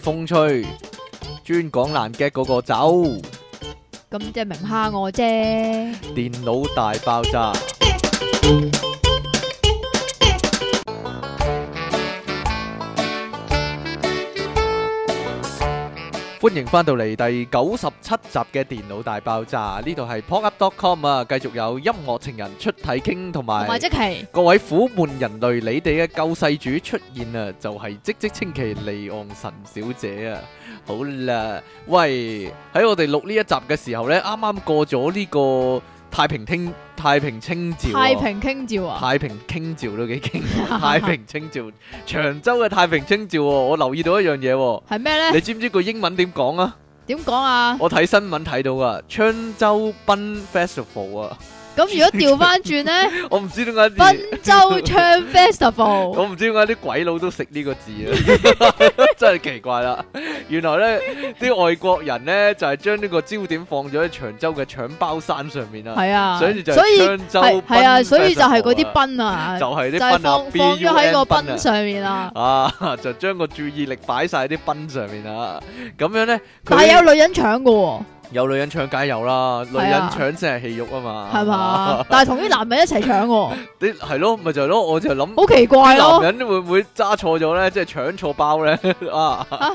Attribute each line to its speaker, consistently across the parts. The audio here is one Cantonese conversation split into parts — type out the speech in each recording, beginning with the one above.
Speaker 1: 風吹，專講難 get 嗰個走，
Speaker 2: 咁即係明蝦我啫。
Speaker 1: 電腦大爆炸。歡迎翻到嚟第九十七集嘅電腦大爆炸，呢度係 pocket.com 啊，繼續有音樂情人出體 King 同埋，即各位苦悶人類，你哋嘅救世主出現啊，就係、是、即即稱淇離岸神小姐啊！好啦，喂，喺我哋錄呢一集嘅時候呢，啱啱過咗呢、這個。太平清太平清醮太平
Speaker 2: 清醮啊！太
Speaker 1: 平清醮、哦啊、都幾驚太平清醮， 長洲嘅太平清醮、哦、我留意到一樣嘢喎，係咩呢？你知唔知個英文點講啊？
Speaker 2: 點講啊？
Speaker 1: 我睇新聞睇到噶，長洲 Bun Festival 啊！
Speaker 2: 咁、嗯、如果調翻轉咧，
Speaker 1: 我唔知點解賓州唱
Speaker 2: Festival，
Speaker 1: 我唔知點解啲鬼佬都食呢個字啊， 真係奇怪啦！ 原來咧，啲外國人咧就係將呢個焦點放咗喺長洲嘅搶包山上面啊，啊，所以就係長洲啊，所以就係嗰啲賓
Speaker 2: 啊，就係啲賓放咗喺個賓上面啊，
Speaker 1: 啊，就將個注意力擺晒喺啲賓上面啊，咁樣咧，但係有
Speaker 2: 女人搶嘅喎、哦。
Speaker 1: 有女人搶梗有啦，女人搶先係戲肉啊嘛，係嘛吧？
Speaker 2: 但係同啲男人一齊搶喎、喔，你
Speaker 1: 係 咯，咪就係、是、咯，我就係諗好奇怪咯，男人會唔會揸錯咗咧？即、就、係、是、搶錯包咧 啊！啊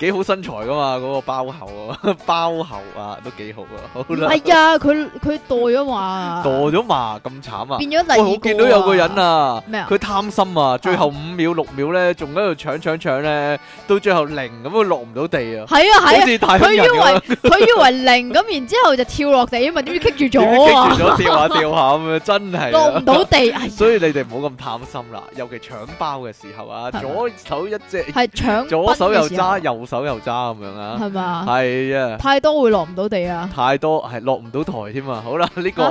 Speaker 1: 幾好身材噶嘛，嗰、那個包啊，包後啊，都幾好啊！好啦，係啊，
Speaker 2: 佢佢墮咗麻，
Speaker 1: 墮咗嘛，咁慘啊！變咗第二、啊哦、我見到有個人啊，佢、啊、貪心啊，最後五秒六秒咧，仲喺度搶搶搶咧，到最後零咁，落唔到地啊！係啊係啊，佢以因為。
Speaker 2: 佢以為零咁，然之後就跳落地，因為點知棘住咗啊！跳下跳下咁
Speaker 1: 樣，真係落唔到地。所以你哋唔好咁貪心啦，尤其搶包嘅時候啊，左
Speaker 2: 手一隻，係搶左手又揸，
Speaker 1: 右手又揸咁樣啊，係嘛？係啊，太
Speaker 2: 多會落唔到地啊，
Speaker 1: 太多係落唔到台添啊。好啦，呢個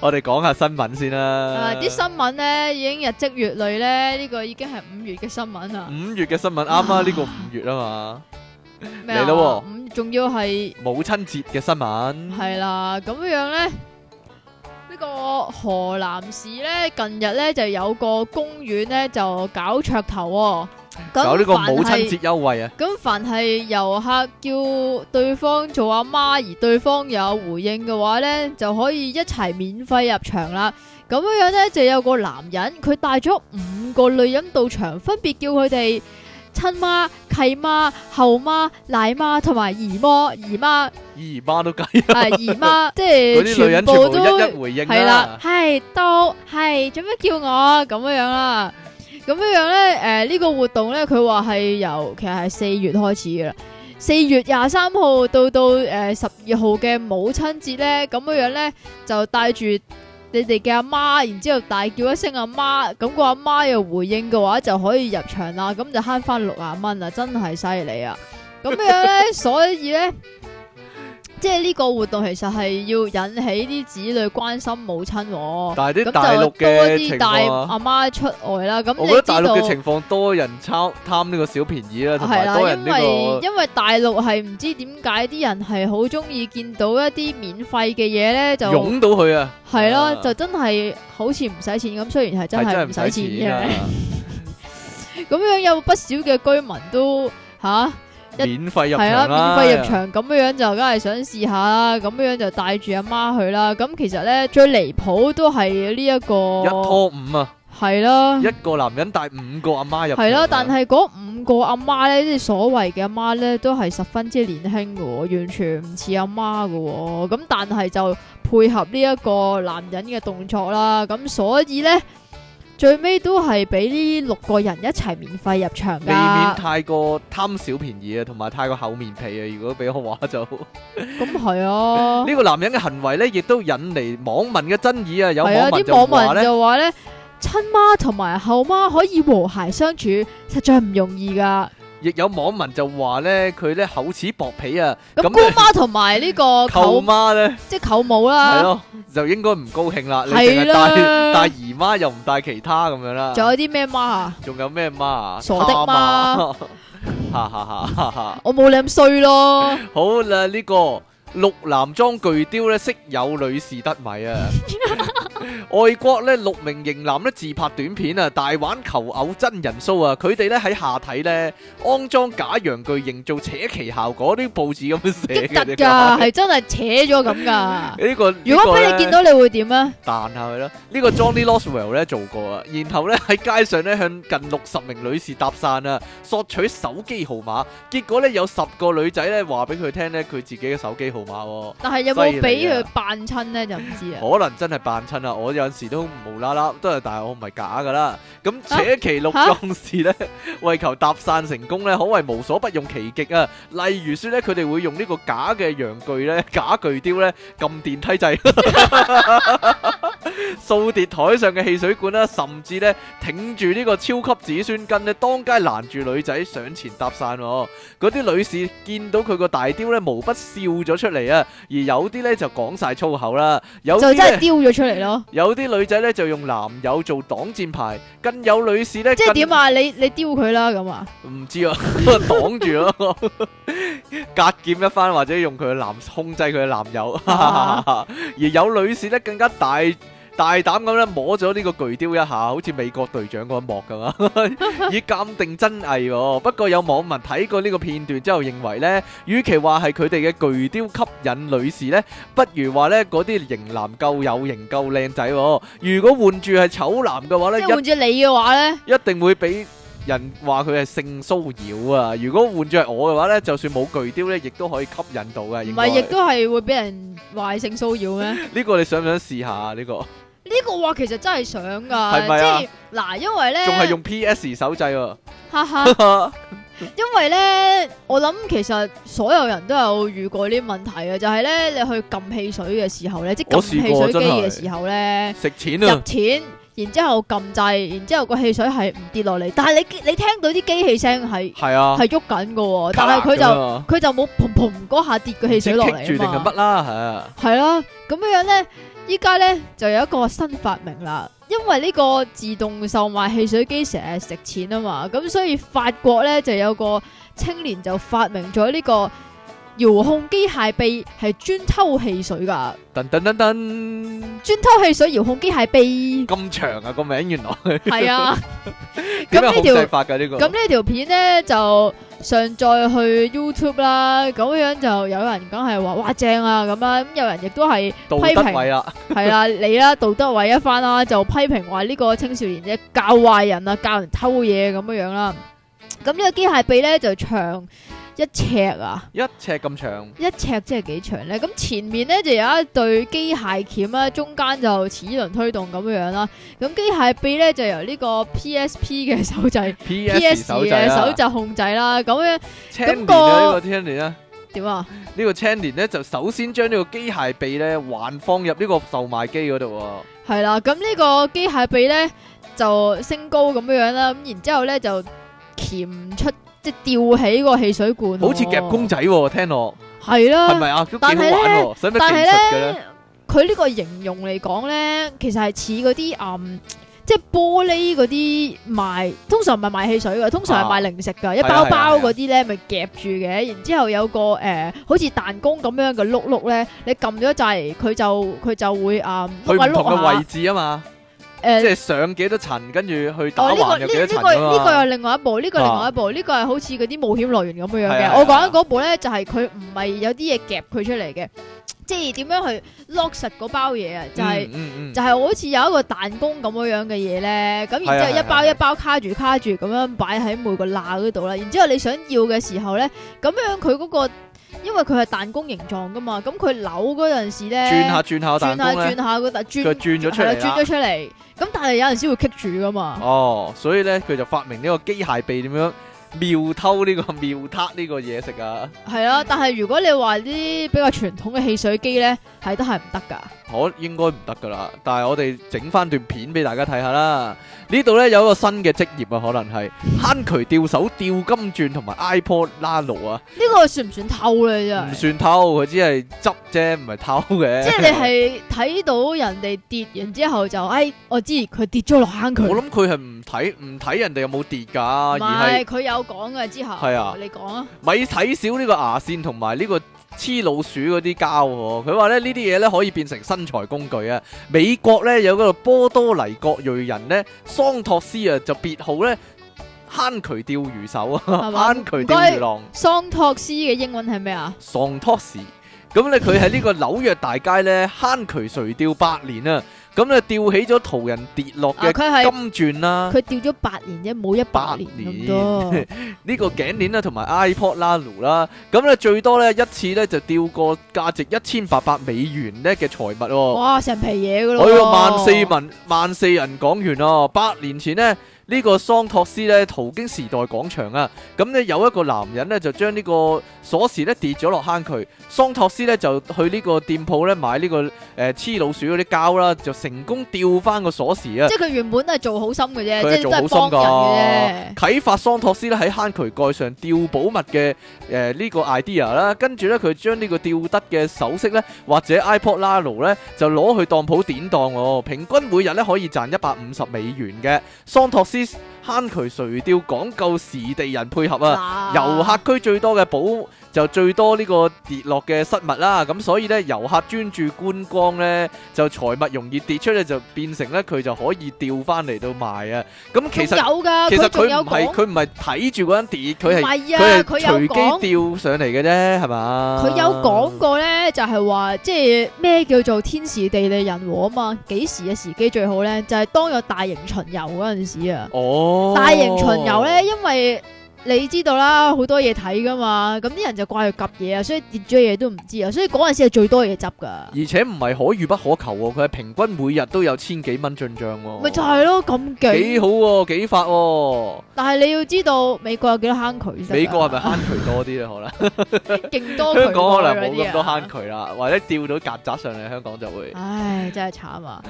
Speaker 1: 我哋講下新聞先啦。啲新
Speaker 2: 聞咧已經日積月累咧，呢個已經係五月嘅新聞啊。五
Speaker 1: 月嘅新聞啱啊，呢個五月啊嘛。嚟咯，啊，
Speaker 2: 仲要係
Speaker 1: 母親節嘅新聞，
Speaker 2: 係啦。咁樣呢，呢、這個河南市呢，近日呢就有個公園呢就搞噱頭，哦，搞呢個母親節優惠啊。咁凡係遊客叫對方做阿媽而對方有回應嘅話呢，就可以一齊免費入場啦。咁樣樣呢就有個男人佢帶咗五個女人到場，分別叫佢哋。親媽、契媽、後媽、奶媽同埋姨媽、姨媽、
Speaker 1: 啊、姨媽都計啊！係
Speaker 2: 姨媽，即係是 全部都，都一一回應啦、啊。係都係做咩叫我咁、啊、樣、啊、樣啦？咁樣樣咧？誒，呢個活動咧，佢話係由其實係四月開始嘅啦，四月廿三號到到誒十二號嘅母親節咧，咁樣樣咧就帶住。你哋嘅阿媽，然之後大叫一聲阿媽，咁個阿媽又回應嘅話，就可以入場啦，咁就慳翻六十蚊啊！真係犀利啊！咁樣咧，所以咧。 即係呢個活動其實係要引起啲子女關心母親，啊、咁，啊、就多啲帶阿媽出外啦。咁你大陸嘅情
Speaker 1: 況多人抄貪呢個小便宜啦，啊，同埋多人呢個。係啦，因為因
Speaker 2: 為大陸係唔知點解啲人係好中意見到一啲免費嘅嘢咧，就湧到
Speaker 1: 去啊。係咯，啊，就真
Speaker 2: 係好似唔使錢咁，雖然係真係唔使錢嘅。咁樣有不少嘅居民都吓。啊一
Speaker 1: 免費入場啦！免費入場
Speaker 2: 咁樣、啊、樣就梗係想試下啦，咁樣樣就帶住阿媽去啦。咁其實咧最離譜都係呢一個一拖五啊！係啦、啊，一
Speaker 1: 個男人帶五個阿媽入。係啦、啊，但
Speaker 2: 係嗰五個阿媽咧，即係所謂嘅阿媽咧，都係十分之年輕嘅，完全唔似阿媽嘅。咁但係就配合呢一個男人嘅動作啦，咁所以咧。最尾都係俾呢六個人一齊免費入場嘅，未免
Speaker 1: 太過貪小便宜啊，同埋太過厚面皮啊！如果俾我話就，
Speaker 2: 咁係啊。呢
Speaker 1: 個男人嘅行為咧，亦都引嚟網民嘅爭議啊！有啲網民就
Speaker 2: 話咧，啊，親媽同埋後媽可以和諧相處，實在唔容易噶。
Speaker 1: 亦有網民就話咧，佢咧厚此薄彼啊！
Speaker 2: 咁姑媽同埋呢個舅媽咧，即舅母啦，
Speaker 1: 就應該唔高興啦。你淨係帶大姨媽又唔帶其他咁樣啦。仲有啲咩媽啊？仲有咩媽啊？傻的媽，哈哈哈！
Speaker 2: 我冇你咁衰咯。
Speaker 1: 好啦，呢個。六男裝巨雕咧，色友女士得米啊！ 外國咧，六名型男咧自拍短片啊，大玩求偶真人 show 啊！佢哋咧喺下體咧安裝假陽具，營造扯旗效果。啲報紙咁寫嘅，得噶係
Speaker 2: 真係扯咗咁噶！呢
Speaker 1: 這個如果俾你見到你會點啊？彈下佢咯！這個 well、呢個 Johnny Lostwell 咧做過啊，然後咧喺街上咧向近六十名女士搭訕啊，索取手機號碼，結果咧有十個女仔咧話俾佢聽咧佢自己嘅手機號。但係有冇俾佢
Speaker 2: 扮親呢？ 就唔知啊。 可
Speaker 1: 能真係扮親啊，我有陣時都無啦啦都係，但係我唔係假噶啦。咁且其六壯士呢，啊啊、為求搭訕成功呢，可謂無所不用其極啊。例如說呢，佢哋會用呢個假嘅陽具咧，假巨雕呢，撳電梯掣。 掃跌台上嘅汽水管，啦，甚至咧挺住呢個超級子孫根咧，當街攔住女仔上前搭訕，喔，嗰啲女士見到佢個大雕咧，無不笑咗出嚟啊！而有啲咧就講晒粗口啦，有就真係丟咗出嚟咯。有啲女仔咧就用男友做擋箭牌，更有女士咧，即係點
Speaker 2: 啊？你你丟佢啦咁啊？
Speaker 1: 唔知啊，擋 住咯了，格劍 一番或者用佢男控制佢嘅男友。哈哈啊、而有女士咧更加大，大。大膽咁咧摸咗呢個巨雕一下，好似美國隊長嗰一幕咁啊！ 以鑒定真偽。不過有網民睇過呢個片段之後，認為呢與其話係佢哋嘅巨雕吸引女士呢，不如話呢嗰啲型男夠有型，夠靚仔。如果換住係醜男嘅話呢，即係換住
Speaker 2: 你嘅話呢
Speaker 1: 一定會俾人話佢係性騷擾啊！如果換住係我嘅話呢就算冇巨雕呢，亦都可以吸引到啊。唔係不，亦都
Speaker 2: 係會俾人壞性騷擾咩？
Speaker 1: 呢 個你想唔想試下呢個？
Speaker 2: 呢個話其實真係想噶，即係嗱，因為咧仲係用
Speaker 1: PS 手掣喎，
Speaker 2: 因為咧我諗其實所有人都有遇過呢啲問題啊，就係、是、咧你去撳汽水嘅時候咧，即係撳汽水機嘅時候咧，食
Speaker 1: 錢入錢，
Speaker 2: 然之後撳掣，然之後個汽水係唔跌落嚟，但係你你聽到啲機器聲係係啊係喐緊嘅，但係佢就佢就冇嘭嘭嗰下跌個汽水落嚟，住定係乜啦吓？係、啊、啦，咁、啊、樣樣咧。依家咧就有一個新發明啦，因為呢個自動售賣汽水機成日食錢啊嘛，咁所以法國咧就有個青年就發明咗呢個。遙控機械臂係專偷汽水噶，
Speaker 1: 噔噔噔噔，
Speaker 2: 專偷汽水遙控機械臂
Speaker 1: 咁長啊，個名原來係啊，咁呢條發噶呢個，咁呢
Speaker 2: 條片咧就上載去 YouTube 啦，咁樣就有人梗係話哇正啊咁啦，咁有人亦都係批評係啦，你啦，道德偉一番啦，就批評話呢個青少年咧教壞人啊，教人偷嘢，咁樣樣啦，咁呢個機械臂咧就長。一尺啊！一
Speaker 1: 尺咁長，
Speaker 2: 一尺即係幾長咧？咁前面咧就有一對機械鉗啦，中間就齒輪推動咁樣樣啦。咁機械臂咧就由呢個 PSP 嘅手掣 PS 嘅手，手掣控制啦。咁樣、啊，個青年呢個
Speaker 1: 青年咧
Speaker 2: 點啊？
Speaker 1: 呢個青年咧就首先將呢個機械臂咧橫放入呢個售賣機嗰度。
Speaker 2: 係啦，咁呢個機械臂咧就升高咁樣樣啦，咁然之後咧就鉗出。即係吊起個汽水罐。哦，好似夾
Speaker 1: 公仔喎、哦。聽落，係啦是、啊，係咪啊？都幾好玩咧、哦是？但係咧，
Speaker 2: 佢呢個形容嚟講咧，其實係似嗰啲嗯，即係玻璃嗰啲賣，通常唔係賣汽水噶，通常係賣零食噶，啊、一包包嗰啲咧咪夾住嘅。然之後有個誒、呃，好似彈弓咁樣嘅碌碌咧，你撳咗一掣，佢就佢就，就會啊，去唔同嘅位置啊嘛。嗯即係
Speaker 1: 上幾多層，跟住去打橫又幾多層呢、哦這個又、這個這個這個、
Speaker 2: 另外一部，呢、這個另外一部，呢個係好似嗰啲冒險樂園咁樣嘅。我講緊嗰部咧就係佢唔係有啲嘢夾佢出嚟嘅，啊啊、即係點樣去 lock 實嗰包嘢啊？就係、是嗯嗯嗯、就係好似有一個彈弓咁樣樣嘅嘢咧，咁然之後一包、啊啊啊、一包卡住卡住咁樣擺喺每個罅嗰度啦。然之後你想要嘅時候咧，咁樣佢嗰、那個。因為佢係彈弓形狀噶嘛，咁佢扭嗰陣時咧，轉下轉下轉下轉下，佢但係轉咗出嚟，轉咗出嚟。咁但係有陣時會棘住噶嘛。
Speaker 1: 哦，所以咧佢就發明呢個機械臂點樣妙偷呢個妙撻呢個嘢食啊。
Speaker 2: 係啊，但係如果你話啲比較傳統嘅汽水機咧。睇都係唔得噶，
Speaker 1: 可應該唔得噶啦。但係我哋整翻段片俾大家睇下啦。呢度咧有一個新嘅職業啊，可能係坑渠吊手吊金鑽同埋 iPod 拉蘆啊。
Speaker 2: 呢個算唔算偷咧？真係唔
Speaker 1: 算偷，佢只係執啫，唔係偷嘅。即係你係
Speaker 2: 睇到人哋跌，然之後就誒，我知佢跌咗落坑渠。我諗
Speaker 1: 佢係唔睇唔睇人哋有冇跌㗎，是而係是
Speaker 2: 佢有講嘅之後。係啊，你講啊。
Speaker 1: 咪睇少呢個牙線同埋呢個。黐老鼠嗰啲膠喎，佢話咧呢啲嘢咧可以變成身材工具啊！美國咧有個波多黎各裔人咧桑托斯啊，就別號咧，坑渠釣魚手啊，坑渠吧釣魚郎。
Speaker 2: 桑托斯嘅英文係咩啊？
Speaker 1: 桑托斯，咁咧佢喺呢個紐約大街咧坑渠垂釣百年啊！ 咁咧吊起咗途人跌落嘅金鑽啦，佢、啊、
Speaker 2: 吊咗八年啫，冇一百年
Speaker 1: 呢年 個頸鏈啦，同埋 iPod Lano 啦，咁咧最多咧一次咧就吊過價值一千八百美元咧嘅財物喎。哇！
Speaker 2: 成皮嘢噶咯。哎呀，萬四
Speaker 1: 文萬四人港元哦，八年前咧。呢個桑托斯咧途經時代廣場啊，咁、嗯、咧有一個男人咧就將呢個鎖匙咧跌咗落坑渠，桑托斯咧就去呢個店鋪咧買呢、這個誒黐、呃、老鼠啲膠啦，就成功掉翻個鎖匙啊！即係
Speaker 2: 佢原本都係做好心嘅啫，做好心即係幫人嘅
Speaker 1: 啟、啊、發桑托斯咧喺坑渠蓋上吊寶物嘅誒呢個 idea 啦、啊，跟住咧佢將呢個吊得嘅首飾咧或者 ipod nano 咧就攞去當鋪典當哦，平均每日咧可以賺一百五十美元嘅桑托。啲坑渠垂釣講究時地人配合啊，遊客區最多嘅保。就最多呢個跌落嘅失物啦，咁所以咧遊客專注觀光咧，就財物容易跌出嚟，就變成咧佢就可以掉翻嚟度賣啊。咁其實有噶，其實佢唔係佢唔係睇住嗰陣跌，佢係佢係佢隨機掉上嚟嘅啫，係嘛？佢有講
Speaker 2: 過咧，就係話即係咩叫做天時地利人和啊嘛？幾時嘅時機最好咧？就係當有大型巡遊嗰陣時啊！哦，大型巡遊咧，因為。你知道啦，好多嘢睇噶嘛，咁啲人就怪佢夾嘢啊，所以跌咗嘢都唔知啊，所以嗰陣時係最多嘢執噶。
Speaker 1: 而且唔係可遇不可求喎，佢係平均每日都有千幾蚊進賬喎。咪就係
Speaker 2: 咯，咁幾幾好
Speaker 1: 喎，幾發喎。
Speaker 2: 但係你要知道，美國有幾多坑渠？美國
Speaker 1: 係咪坑渠多啲咧？可能，
Speaker 2: 勁多渠。 香港可能冇咁多坑
Speaker 1: 渠啦， 或者掉到曱甴上嚟，香港就會。
Speaker 2: 唉，真係慘啊！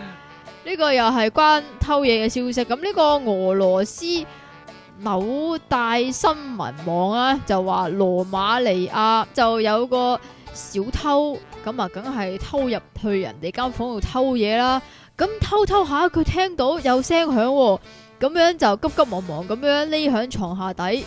Speaker 2: 呢 個又係關偷嘢嘅消息。咁呢個俄羅斯。某大新聞網啊，就話羅馬尼亞就有個小偷，咁啊，梗係偷入去人哋間房度偷嘢啦。咁偷偷下，佢聽到有聲響，啊，咁樣就急急忙忙咁樣匿喺床下底，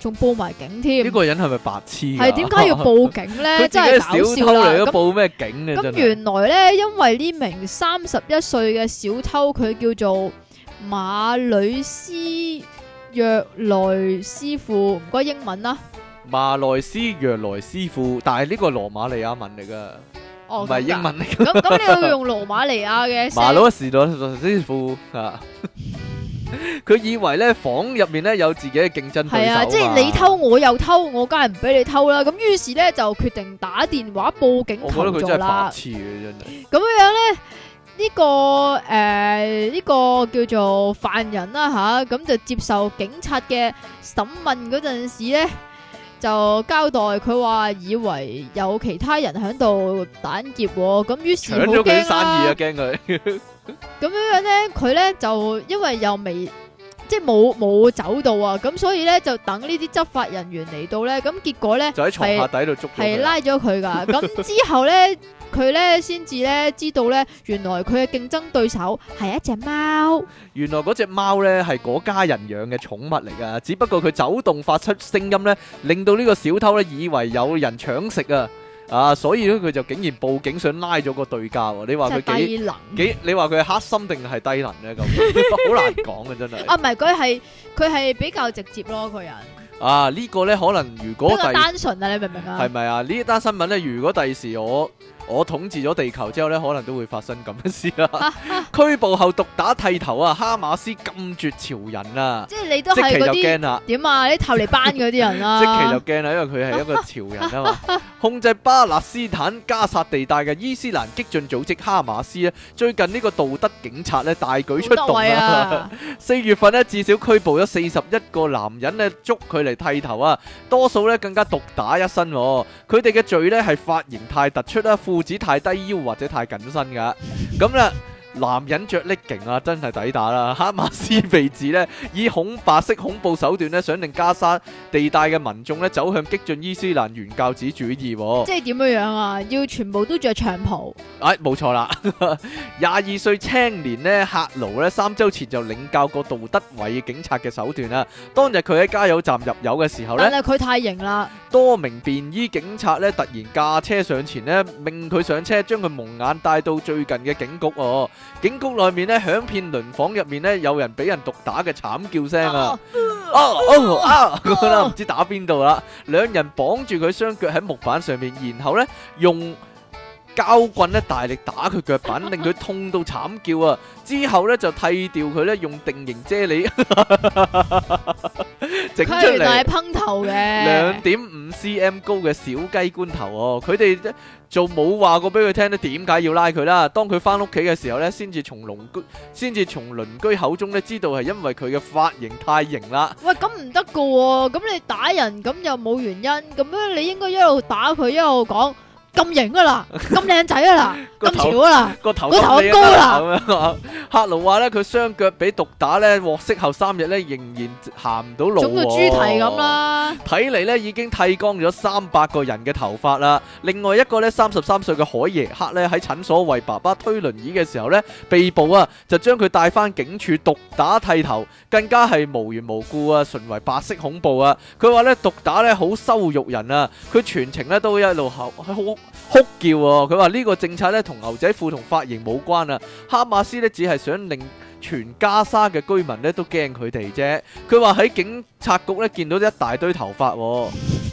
Speaker 2: 仲報埋警添。呢個
Speaker 1: 人係咪白痴？係點解要報警咧？真係搞笑啦！咁報咩警嘅？咁原
Speaker 2: 來咧，因為呢名三十一歲嘅小偷，佢叫做馬里斯。若來斯父，唔該英文啦，
Speaker 1: 馬來斯若來斯父，但係呢個羅馬尼亞文嚟噶，
Speaker 2: 唔係英文嚟噶。咁咁你要用羅馬尼亞嘅。馬來
Speaker 1: 斯若來斯父吓，佢以為咧房入面咧有自己嘅競爭對手。係啊，即係你偷
Speaker 2: 我又偷，我梗係唔俾你偷啦。咁於是咧就決定打電話報警求助啦。我覺得佢真係白痴嘅真係。咁 樣樣咧。呢個誒，呢個叫做犯人啦吓，咁就接受警察嘅審問嗰陣時咧，就交代佢話以為有其他人喺度打劫，咁於是驚咗佢生意啊，
Speaker 1: 驚佢。
Speaker 2: 咁樣樣咧，佢咧就因為又未。即係冇冇走到啊！咁所以呢，就等呢啲執法人員嚟到呢。咁結果呢，就喺床下底度捉，係拉咗佢噶。咁 之後呢，佢呢先至呢知道呢，原來佢嘅競爭對手係一隻貓。
Speaker 1: 原來嗰隻貓呢係嗰家人養嘅寵物嚟噶，只不過佢走動發出聲音呢，令到呢個小偷呢以為有人搶食啊！啊！所以咧，佢就竟然報警想拉咗個對家喎！你話佢幾能幾？你話佢係黑心定係低能咧？咁好 難講嘅真係。啊，
Speaker 2: 唔係佢係佢係比較直接咯，個人。
Speaker 1: 啊！這個，呢個咧，可能如果單
Speaker 2: 純啊，你明唔明啊？係
Speaker 1: 咪啊？呢單新聞咧，如果第時我。我統治咗地球之後呢，可能都會發生咁嘅事啦。 拘捕後毒打剃頭啊，哈馬斯禁絕潮人啊。
Speaker 2: 即係你都係嗰啲點啊？啲頭嚟班嗰啲人啦、啊。 即係又
Speaker 1: 驚啦，因為佢係一個潮人啊嘛。 控制巴勒斯坦加薩地帶嘅伊斯蘭激進組織哈馬斯啊，最近呢個道德警察咧大舉出動啦。四月份咧至少拘捕咗四十一個男人咧，捉佢嚟剃頭啊，多數咧更加毒打一身、啊。佢哋嘅罪咧係髮型太突出啦。褲子太低腰或者太緊身㗎，咁啦。男人着力勁啊，真係抵打啦、啊！哈馬斯被指呢，以恐白色恐怖手段呢，想令加沙地帶嘅民眾呢走向激進伊斯蘭原教旨主義、啊。即
Speaker 2: 係點樣樣啊？要全部都着長袍。
Speaker 1: 誒、哎，冇錯啦！廿 二歲青年呢，克勞呢，三週前就領教過道德違警察嘅手段啦、啊。當日佢喺加油站入油嘅時候呢，但係
Speaker 2: 佢太型啦！
Speaker 1: 多名便衣警察呢，突然駕車上前呢，命佢上車，將佢蒙眼帶到最近嘅警局哦、啊。警局裏面咧，響片輪房入面咧，有人俾人毒打嘅慘叫聲啊！哦哦啊，咁啦，唔知打邊度啦，兩人綁住佢雙腳喺木板上面，然後咧用。膠棍咧大力打佢腳板，令佢痛到慘叫啊！之後咧就剃掉佢咧，用定型啫喱整出嚟。佢原來係
Speaker 2: 噴頭嘅，兩
Speaker 1: 點五 cm 高嘅小雞冠頭哦！佢哋就冇話過俾佢聽咧，點解要拉佢啦？當佢返屋企嘅時候咧，先至從鄰居先至從鄰居口中咧知道係因為佢嘅髮型太型啦。
Speaker 2: 喂，咁唔得噶，咁你打人咁又冇原因，咁樣你應該一路打佢一路講。咁型噶啦，咁靚仔啊啦，
Speaker 1: 咁 潮啊啦，個頭個頭高啦。咁樣話，克勞話咧，佢雙腳俾毒打咧，獲釋後三日咧，仍然行唔到路。腫到豬蹄咁啦。睇嚟咧，已經剃光咗三百個人嘅頭髮啦。另外一個咧，三十三歲嘅海耶克咧，喺診所為爸爸推輪椅嘅時候咧，被捕啊，就將佢帶翻警署毒打剃頭，更加係無緣無故啊，純為白色恐怖啊。佢話咧，毒打咧好羞辱人啊，佢全程咧都一路口好。哭叫喎、哦！佢話呢個政策呢同牛仔褲同髮型冇關啊，哈馬斯呢只係想令全加沙嘅居民呢都驚佢哋啫。佢話喺警察局呢見到一大堆頭髮、哦，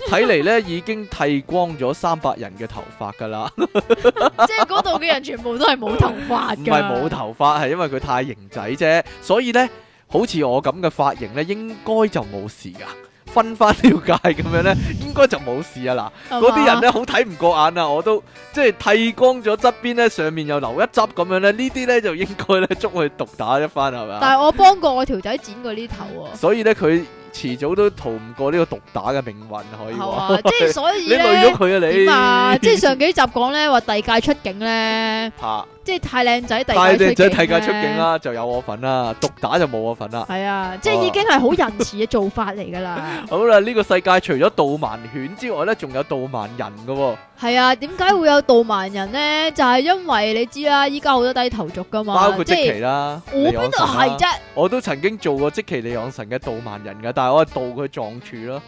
Speaker 1: 睇嚟 呢已經剃光咗三百人嘅頭髮噶啦。即
Speaker 2: 係嗰度嘅人全部都係冇頭髮嘅， 唔係冇
Speaker 1: 頭髮，係因為佢太型仔啫。所以呢，好似我咁嘅髮型呢應該就冇事噶。分翻了解咁樣呢， 應該就冇事啊！嗱吧，嗰啲人呢，好睇唔過眼啊！我都即係剃光咗側邊呢，上面又留一執咁樣呢。呢啲呢，就應該呢捉去毒打一番係咪啊？但係
Speaker 2: 我幫過我條仔剪過呢頭、啊，
Speaker 1: 所以呢，佢。遲早都逃唔過呢個毒打嘅命運，可以話。即係所以你累咗佢啊你。點啊？ 即係上
Speaker 2: 幾集講咧，話第界出境咧。吓、啊。即係太靚仔，第界出境咧。太靚仔，第界出境啦，
Speaker 1: 就有我份啦。毒打就冇我份啦。係啊，即係已經
Speaker 2: 係好仁慈嘅做法嚟噶啦。
Speaker 1: 好啦，呢、這個世界除咗導盲犬之外咧，仲有導盲人噶、哦。
Speaker 2: 係啊，點解會有導盲人咧？就係、是、因為你知啦、啊，依家好多低頭族噶嘛，包括積是淇
Speaker 1: 啦、啊。我邊度係啫？的我都曾經做過積淇離岸神嘅導盲人噶，但係我係導佢撞柱咯。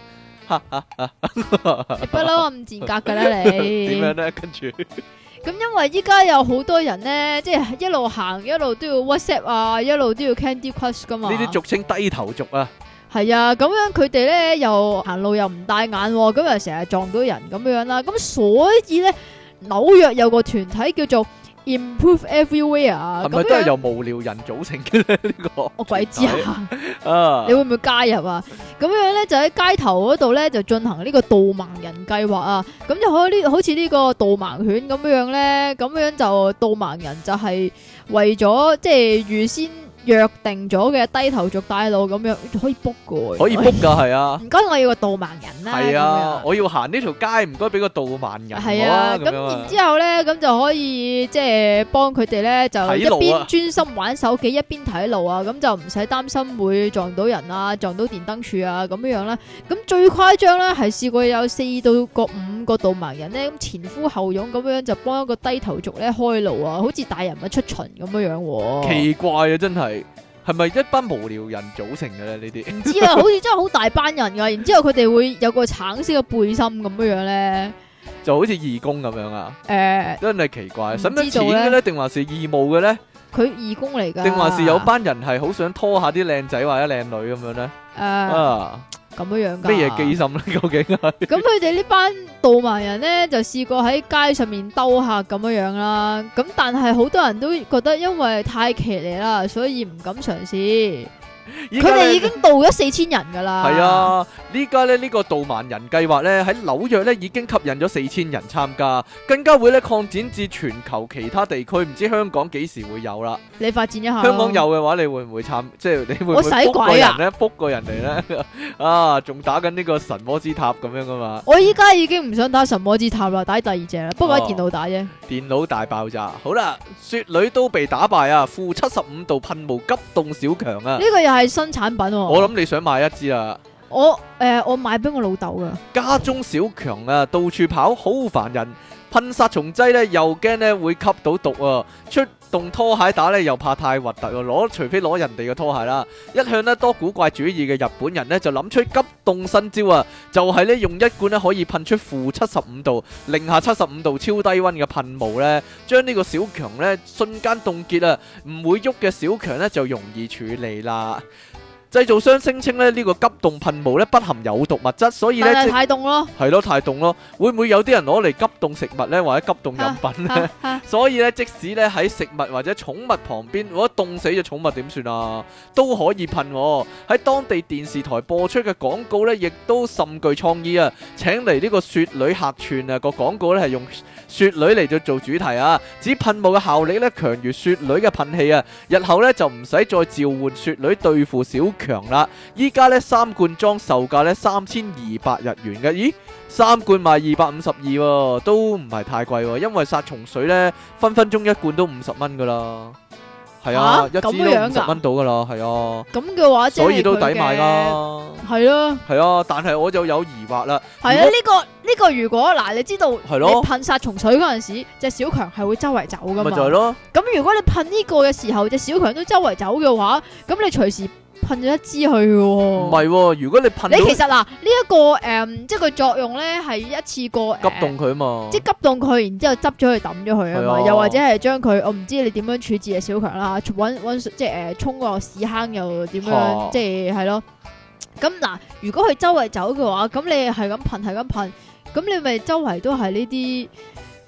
Speaker 2: 哈，不嬲咁賤格㗎啦、啊、你 呢？點樣咧？跟住咁，因為依家有好多人咧，即係一路行一路都要 WhatsApp 啊，一路都要 Candy Crush 噶嘛。呢啲俗稱
Speaker 1: 低頭族啊。
Speaker 2: 係啊，咁樣佢哋咧又行路又唔帶眼，咁又成日撞到人咁樣啦。咁所以咧，紐約有個團體叫做 Improve Everywhere，係咪不樣都係由
Speaker 1: 無聊人組成嘅咧？呢 個我鬼知啊！ 你會
Speaker 2: 唔會加入啊？咁樣咧就喺街頭嗰度咧就進行呢個導盲人計劃啊。咁就可呢，好似呢個導盲犬咁樣咧，咁樣就導盲人就係為咗即係預先。約定咗嘅低頭族帶路咁樣，可以 book 嘅，可以 book
Speaker 1: 噶係啊！唔
Speaker 2: 該，我要個導盲人啦。係
Speaker 1: 啊，我要行呢條街，唔該俾個導盲人。係啊，咁然之
Speaker 2: 後咧，咁就可以即係幫佢哋咧，就一邊專心玩手機一邊睇路啊！咁就唔使擔心會撞到人啊，撞到電燈柱啊咁樣樣啦。咁最誇張咧，係試過有四到個五個導盲人咧，咁前呼後擁咁樣就幫一個低頭族咧開路啊，好似大人物出巡咁樣樣。奇
Speaker 1: 怪啊，真係。係咪一班無聊人組成嘅咧？呢啲唔知啊，好似
Speaker 2: 真係好大班人噶。 然之後佢哋會有個橙色嘅背心咁樣樣咧，
Speaker 1: 就好似義工咁樣啊。誒、呃，真係奇怪，啊，使唔使錢嘅咧？定還是義務嘅咧？
Speaker 2: 佢義工嚟噶。定還是有
Speaker 1: 班人係好想拖下啲靚仔或者靚女咁樣咧？
Speaker 2: 誒、呃。啊咁樣樣噶咩嘢機
Speaker 1: 心咧？究竟啊！咁佢
Speaker 2: 哋呢班盜盲人咧，就試過喺街上面兜客咁樣樣啦。咁但係好多人都覺得，因為太騎呢啦，所以唔敢嘗試。佢哋已經到咗四千人噶啦。係啊，
Speaker 1: 呢家咧、這個、呢個度萬人計劃咧喺紐約咧已經吸引咗四千人參加，更加會咧擴展至全球其他地區，唔知香港幾時會有啦。
Speaker 2: 你發展一下，香港有
Speaker 1: 嘅話你會唔會參？即係你會唔會？我使鬼人咧，福過人哋咧，啊，仲、 啊、打緊呢個神魔之塔咁樣噶嘛？
Speaker 2: 我依家已經唔想打神魔之塔啦，打第二隻啦，不過喺電腦打啫、
Speaker 1: 哦。電腦大爆炸，好啦，雪女都被打敗負啊，負七十五度噴霧急凍小強啊，呢
Speaker 2: 個人係新產品哦，啊！我諗
Speaker 1: 你想買一支啊！
Speaker 2: 我，呃，誒，我買俾我老豆噶。
Speaker 1: 家中小強啊，到處跑，好煩人。噴殺蟲劑咧，又驚咧會吸到毒啊！出動拖鞋打咧，又怕太核突啊！攞除非攞人哋嘅拖鞋啦。一向咧多古怪主義嘅日本人咧，就諗出急凍新招啊！就係咧用一罐咧可以噴出負七十五度、零下七十五度超低溫嘅噴霧咧，將呢個小強咧瞬間凍結啊！唔會喐嘅小強咧就容易處理啦。製造商聲稱咧，呢個急凍噴霧咧不含有毒物質，所以咧太凍咯，係咯，太凍咯，會唔會有啲人攞嚟急凍食物咧，或者急凍飲品咧？啊啊啊、所以咧，即使咧喺食物或者寵物旁邊，如果凍死咗寵物點算啊？都可以噴喎、哦。喺當地電視台播出嘅廣告咧，亦都甚具創意啊！請嚟呢個雪女客串啊，個廣告咧係用雪女嚟做做主題啊，指噴霧嘅效力咧強如雪女嘅噴氣啊！日後咧就唔使再召喚雪女對付小強啦！依家咧三罐裝售價咧三千二百日元嘅，咦？三罐賣二百五十二，都唔係太貴，因為殺蟲水咧分分鐘一罐都五十蚊噶啦，係啊，一支都五十蚊到噶啦，係啊，
Speaker 2: 咁嘅話，所以都抵買啦，係啊，
Speaker 1: 係啊，但係我就有疑惑啦，係啊，呢個、
Speaker 2: 這個呢、這個如果嗱，你知道、啊、你噴殺蟲水嗰陣時，隻小強係會周圍走噶嘛，咁、啊、如果你噴呢個嘅時候，隻小強都周圍走嘅話，咁你隨時。噴咗一支去喎，唔
Speaker 1: 係喎，如果你噴，你其實嗱，
Speaker 2: 呢一個誒、嗯，即係佢作用咧係一次過急凍
Speaker 1: 佢啊嘛，即係
Speaker 2: 急凍佢，然之後執咗去抌咗佢啊嘛，又或者係將佢，我唔知你點樣處置啊，小強啦，即係誒沖個屎坑又點樣，啊、即係係咯。咁嗱，如果佢周圍走嘅話，咁你係咁噴係咁噴，咁你咪周圍都係呢啲。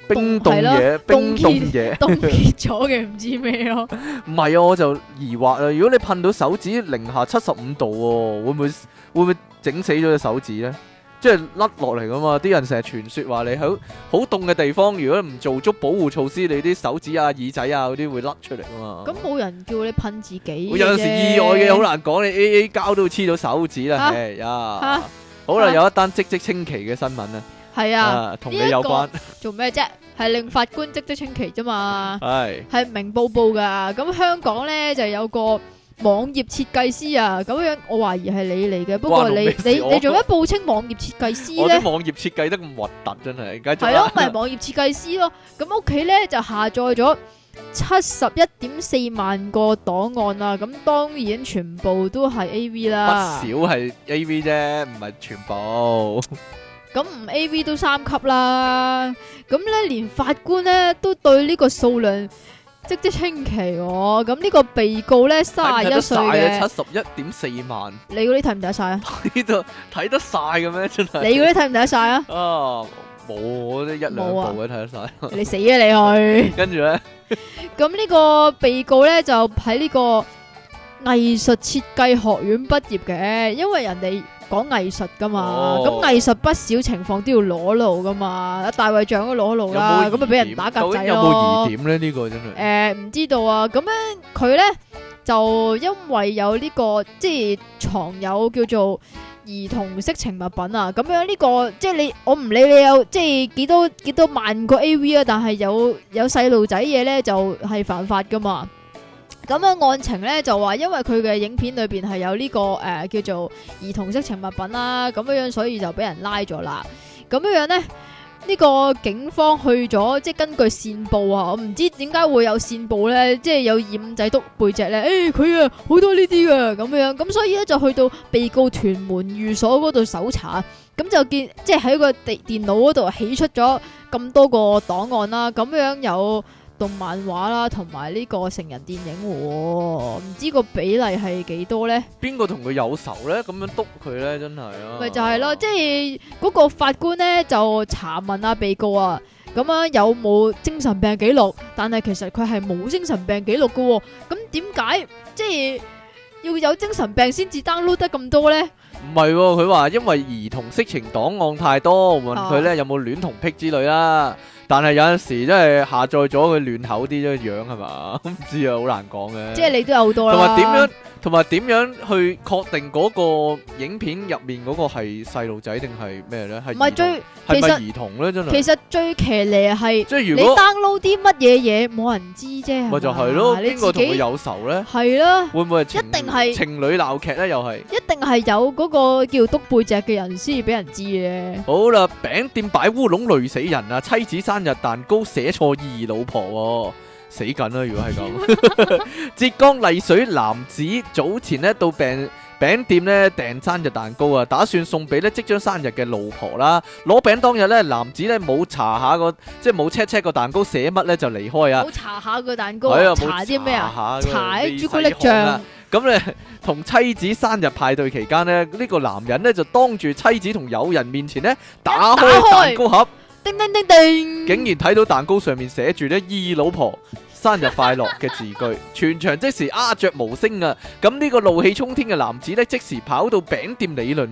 Speaker 1: 冰凍嘢，冰凍嘢，凍結
Speaker 2: 咗嘅唔知咩咯。
Speaker 1: 唔係啊，我就疑惑啊。如果你噴到手指零下七十五度喎，啊，會唔會會唔會整死咗隻手指咧？即係甩落嚟噶嘛？啲人成日傳說話你喺好凍嘅地方，如果唔做足保護措施，你啲手指啊、耳仔啊嗰啲會甩出嚟啊嘛。咁
Speaker 2: 冇人叫你噴自己。有陣時意外嘅，好難
Speaker 1: 講。你 A A 膠都會黐到手指啦。吓，
Speaker 2: 好啦，有一
Speaker 1: 單嘖嘖稱奇嘅新聞啊！
Speaker 2: 係啊，同你有關做咩啫？係令法官職責清奇啫嘛。係係明報報噶。咁香港咧就有個網頁設計師啊，咁樣我懷疑係你嚟嘅。不過你你你做咩報稱網頁設計師咧？我啲網
Speaker 1: 頁設計得咁核突，真係。係咯，咪
Speaker 2: 網頁設計師咯。咁屋企咧就下載咗七十一點四萬個檔案啦。咁當然全部都係 A V 啦。少
Speaker 1: 係 A V 啫，唔係全部。
Speaker 2: 咁唔 AV 都三級啦，咁咧連法官咧都對呢個數量即即稱奇哦。咁呢個被告咧三十一歲七十一
Speaker 1: 點四萬。你估
Speaker 2: 你睇唔睇得晒 啊？呢
Speaker 1: 度睇得晒嘅咩？真係你估你睇唔睇得晒啊？啊，冇我啲一兩部都睇得晒。你死
Speaker 2: 啊你去！
Speaker 1: 跟住着咧呢，
Speaker 2: 咁 呢個被告咧就喺呢個藝術設計學院畢業嘅，因為人哋。講藝術噶嘛，咁藝術不少情況都要裸露噶嘛，大衛像都裸露啦，咁咪俾人打格仔咯。有冇疑
Speaker 1: 點咧？呢、這個真
Speaker 2: 係誒，唔、呃、知道啊。咁樣佢咧就因為有呢、這個即係藏有叫做兒童色情物品啊。咁樣呢、這個即係你我唔理你有即係幾多幾多萬個 A V 啊，但係有有細路仔嘢，咧就係犯法噶嘛。咁樣案情咧就話，因為佢嘅影片裏邊係有呢、這個誒、呃、叫做兒童色情物品啦，咁樣樣所以就俾人拉咗啦。咁樣樣呢，呢、這個警方去咗，即係根據線報啊，我唔知點解會有線報呢，即係有染仔督背脊呢。誒佢啊好多呢啲嘅咁樣，咁所以咧就去到被告屯門寓所嗰度搜查，咁就見即係喺個地電電腦嗰度起出咗咁多個檔案啦，咁樣有。動漫畫啦，同埋呢個成人電影，唔知個比例係幾多咧？
Speaker 1: 邊個同佢有仇咧？咁樣督佢咧，真係啊，咪就係
Speaker 2: 咯？即係嗰個法官咧就查問啊被告啊，咁樣有冇精神病記錄？但係其實佢係冇精神病記錄噶，咁點解即係要有精神病先至 download 得咁多咧？
Speaker 1: 唔係，佢話因為兒童色情檔案太多，問佢咧有冇戀童癖之類啦。但係有陣時真係下載咗佢嫩口啲嘅樣係嘛？我唔知啊，好難講嘅。即係你都
Speaker 2: 有好多啦。同埋點樣，
Speaker 1: 同埋點樣去確定嗰個影片入面嗰個係細路仔定係咩咧？唔係最，其實兒童咧真係。其實
Speaker 2: 最騎呢係，即係如果 download 啲乜嘢，嘢冇人知啫，咪就係咯。邊個同佢有仇咧？係啦，
Speaker 1: 會唔會一定係情侶鬧劇咧？又係一
Speaker 2: 定係有嗰個叫督背脊嘅人先至俾人知嘅。
Speaker 1: 好啦，餅店擺烏龍累死人啊！妻子生。生日蛋糕寫錯二老婆，喔，死緊啦，啊！如果係咁，浙江麗水男子早前呢到餅餅店呢訂生日蛋糕啊，打算送俾呢即將生日嘅老婆啦。攞餅當日呢，男子呢冇查下個即係冇 check check 個蛋糕寫乜呢？就離開啊！
Speaker 2: 冇查下個蛋糕，冇查啲咩啊？查啲朱古力醬。
Speaker 1: 咁呢，同妻子生日派對期間呢，呢、呢個男人呢，就當住妻子同友人面前呢， 打開蛋糕盒，盒。叮叮叮叮，竟然睇到蛋糕上面寫住咧姨姨老婆。生日快樂嘅字句，全場即時鴉雀無聲啊！咁呢個怒氣沖天嘅男子呢，即時跑到餅店理論。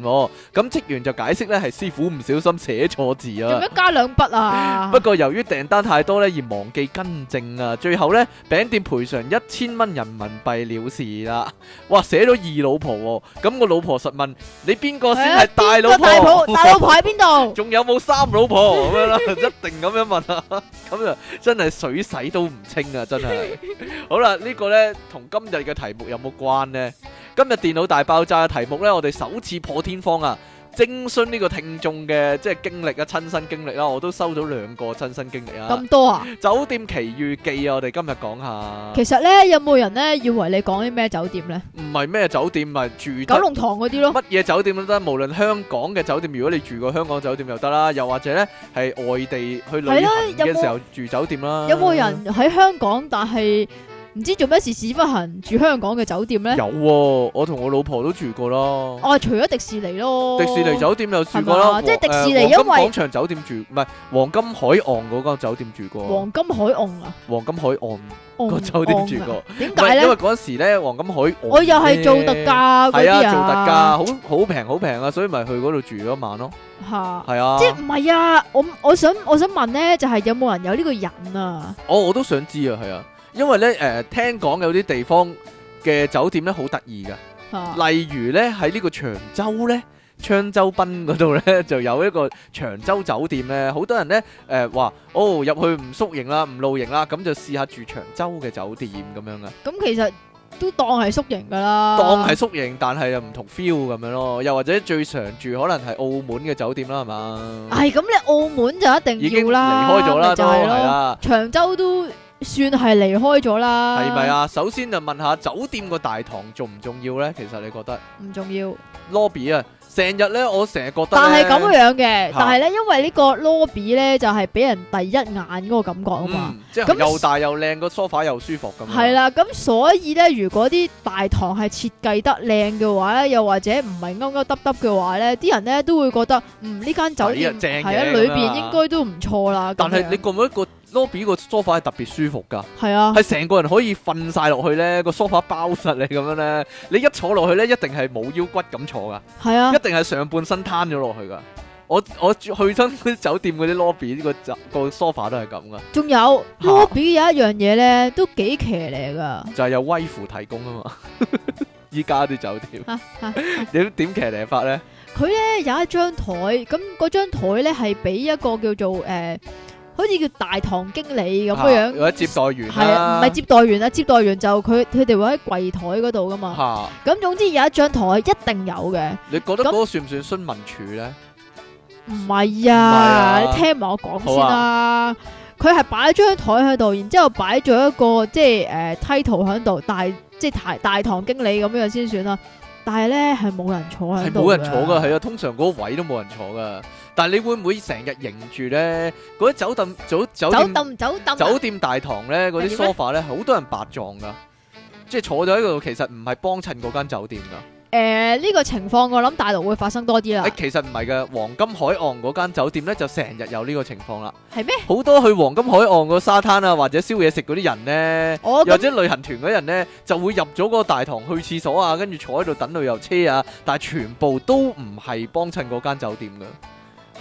Speaker 1: 咁職員就解釋呢，係師傅唔小心寫錯字啊。做
Speaker 2: 咩加兩筆啊？
Speaker 1: 不過由於訂單太多呢，而忘記更正啊。最後呢，餅店賠償一千蚊人民幣了事啦。哇，寫咗二老婆喎！咁個老婆實問：你邊個先係大老婆？大老婆大老婆喺邊度？仲有冇三老婆咁樣啦？一定咁樣問啊！咁啊，真係水洗都唔清啊！真係 好啦，呢、呢個呢同今日嘅題目有冇關呢？今日電腦大爆炸嘅題目呢，我哋首次破天荒啊！徵詢呢個聽眾嘅即係經歷啊，親身經歷啦，我都收到兩個親身經歷啊。咁多啊？酒店奇遇記啊！我哋今日講下。其實
Speaker 2: 呢，有冇人呢？以為你講啲咩酒店呢？
Speaker 1: 唔係咩酒店，咪住九龍塘嗰啲咯。乜嘢酒店都得，無論香港嘅酒店，如果你住過香港酒店又得啦，又或者呢，係外地去旅行嘅時候有冇住酒店啦。有冇人
Speaker 2: 喺香港但係？唔知做咩事屎忽行住香港嘅酒店咧？有
Speaker 1: 喎，我同我老婆都住過咯。
Speaker 2: 哦，除咗迪士尼咯，迪士尼酒店
Speaker 1: 又住過啦。即係迪士尼，因為黃金廣場酒店住，唔係黃金海岸嗰間酒店住過。黃
Speaker 2: 金海岸啊？
Speaker 1: 黃金海岸
Speaker 2: 個酒店住過。
Speaker 1: 點解咧？因為嗰時咧，黃金海岸我又係做特價嗰啲啊。係啊，做特價，好好平，好平啊，所以咪去嗰度住咗一晚咯。吓，係
Speaker 2: 啊。即係唔係啊？我我想我想問咧，就係有冇人有呢個人啊？
Speaker 1: 哦，我都想知啊，係啊。因為咧，誒、呃，聽講有啲地方嘅酒店咧好得意噶啊、例如咧喺呢個長洲咧，昌州濱嗰度咧就有一個長洲酒店咧，好多人咧，誒、哦，話哦入去唔宿營啦，唔露營啦，咁就試下住長洲嘅酒店咁樣嘅。
Speaker 2: 咁、嗯、其實都當係宿營噶啦，當係
Speaker 1: 宿營，但係又唔同 feel 咁樣咯。又或者最常住可能係澳門嘅酒店啦，係嘛？係
Speaker 2: 咁你澳門就一定要啦，離開咗啦，就係咯，長洲都。算係離開咗啦，係咪啊？
Speaker 1: 首先就問下酒店個大堂重唔重要咧？其實你覺得？唔重要。lobby 啊，成日咧，我成日覺得，但係咁樣嘅，但係
Speaker 2: 咧，因為呢個 lobby 咧就係俾人第一眼嗰個感覺啊嘛，即係又
Speaker 1: 大又靚，個梳化又舒服咁。係啦，
Speaker 2: 咁所以咧，如果啲大堂係設計得靚嘅話咧，又或者唔係勾勾耷耷嘅話咧，啲人咧都會覺得，嗯，呢間酒店係啊，裏邊應該都唔錯啦。但係
Speaker 1: 你覺唔覺得？lobby 個 sofa 係特別舒服㗎，係啊，係成個人可以瞓晒落去咧，個 sofa 包實你咁樣咧，你一坐落去咧一定係冇腰骨咁坐㗎，係啊，一定係上半身攤咗落去㗎。我我去親啲酒店嗰啲 lobby 個就個 sofa 都係咁㗎。
Speaker 2: 仲有、啊、lobby 有一樣嘢咧都幾騎呢㗎，
Speaker 1: 就係有威馭提供啊嘛。依家啲酒店點點騎呢法咧？
Speaker 2: 佢咧有一張台，咁嗰張台咧係俾一個叫做誒。呃好似叫大堂經理咁樣樣，有
Speaker 1: 接待員，係啊，唔係接待員啊，接
Speaker 2: 待員，接待員就佢佢哋會喺櫃台嗰度噶嘛。咁、啊、總之有一張台一定有嘅。
Speaker 1: 你覺得嗰個那算唔算詢問處咧？
Speaker 2: 唔係啊，啊你聽埋我講、啊、先啦、啊。佢係擺咗張台喺度，然之後擺咗一個即係誒梯圖喺度，但、uh, 係即係大大堂經理咁樣先算啦。但係咧係冇人坐喺度，係冇人坐噶，
Speaker 1: 係啊，通常嗰個位都冇人坐噶。但係你會唔會成日迎住呢？嗰啲酒，酒，酒店、酒，
Speaker 2: 酒，啊、酒店
Speaker 1: 大堂呢，嗰啲 sofa 咧，好多人白撞噶，即係坐咗喺度，其實唔係幫襯嗰間酒店噶。
Speaker 2: 誒、呃，呢、這個情況我諗大陸會發生多啲啦、欸。
Speaker 1: 其實唔係嘅，黃金海岸嗰間酒店呢，就成日有呢個情況啦。係咩嗎？好多去黃金海岸個沙灘啊，或者燒嘢食嗰啲人呢，哦、或者旅行團嗰人呢，就會入咗個大堂去廁所啊，跟住坐喺度等旅遊車啊，但係全部都唔係幫襯嗰間酒店噶。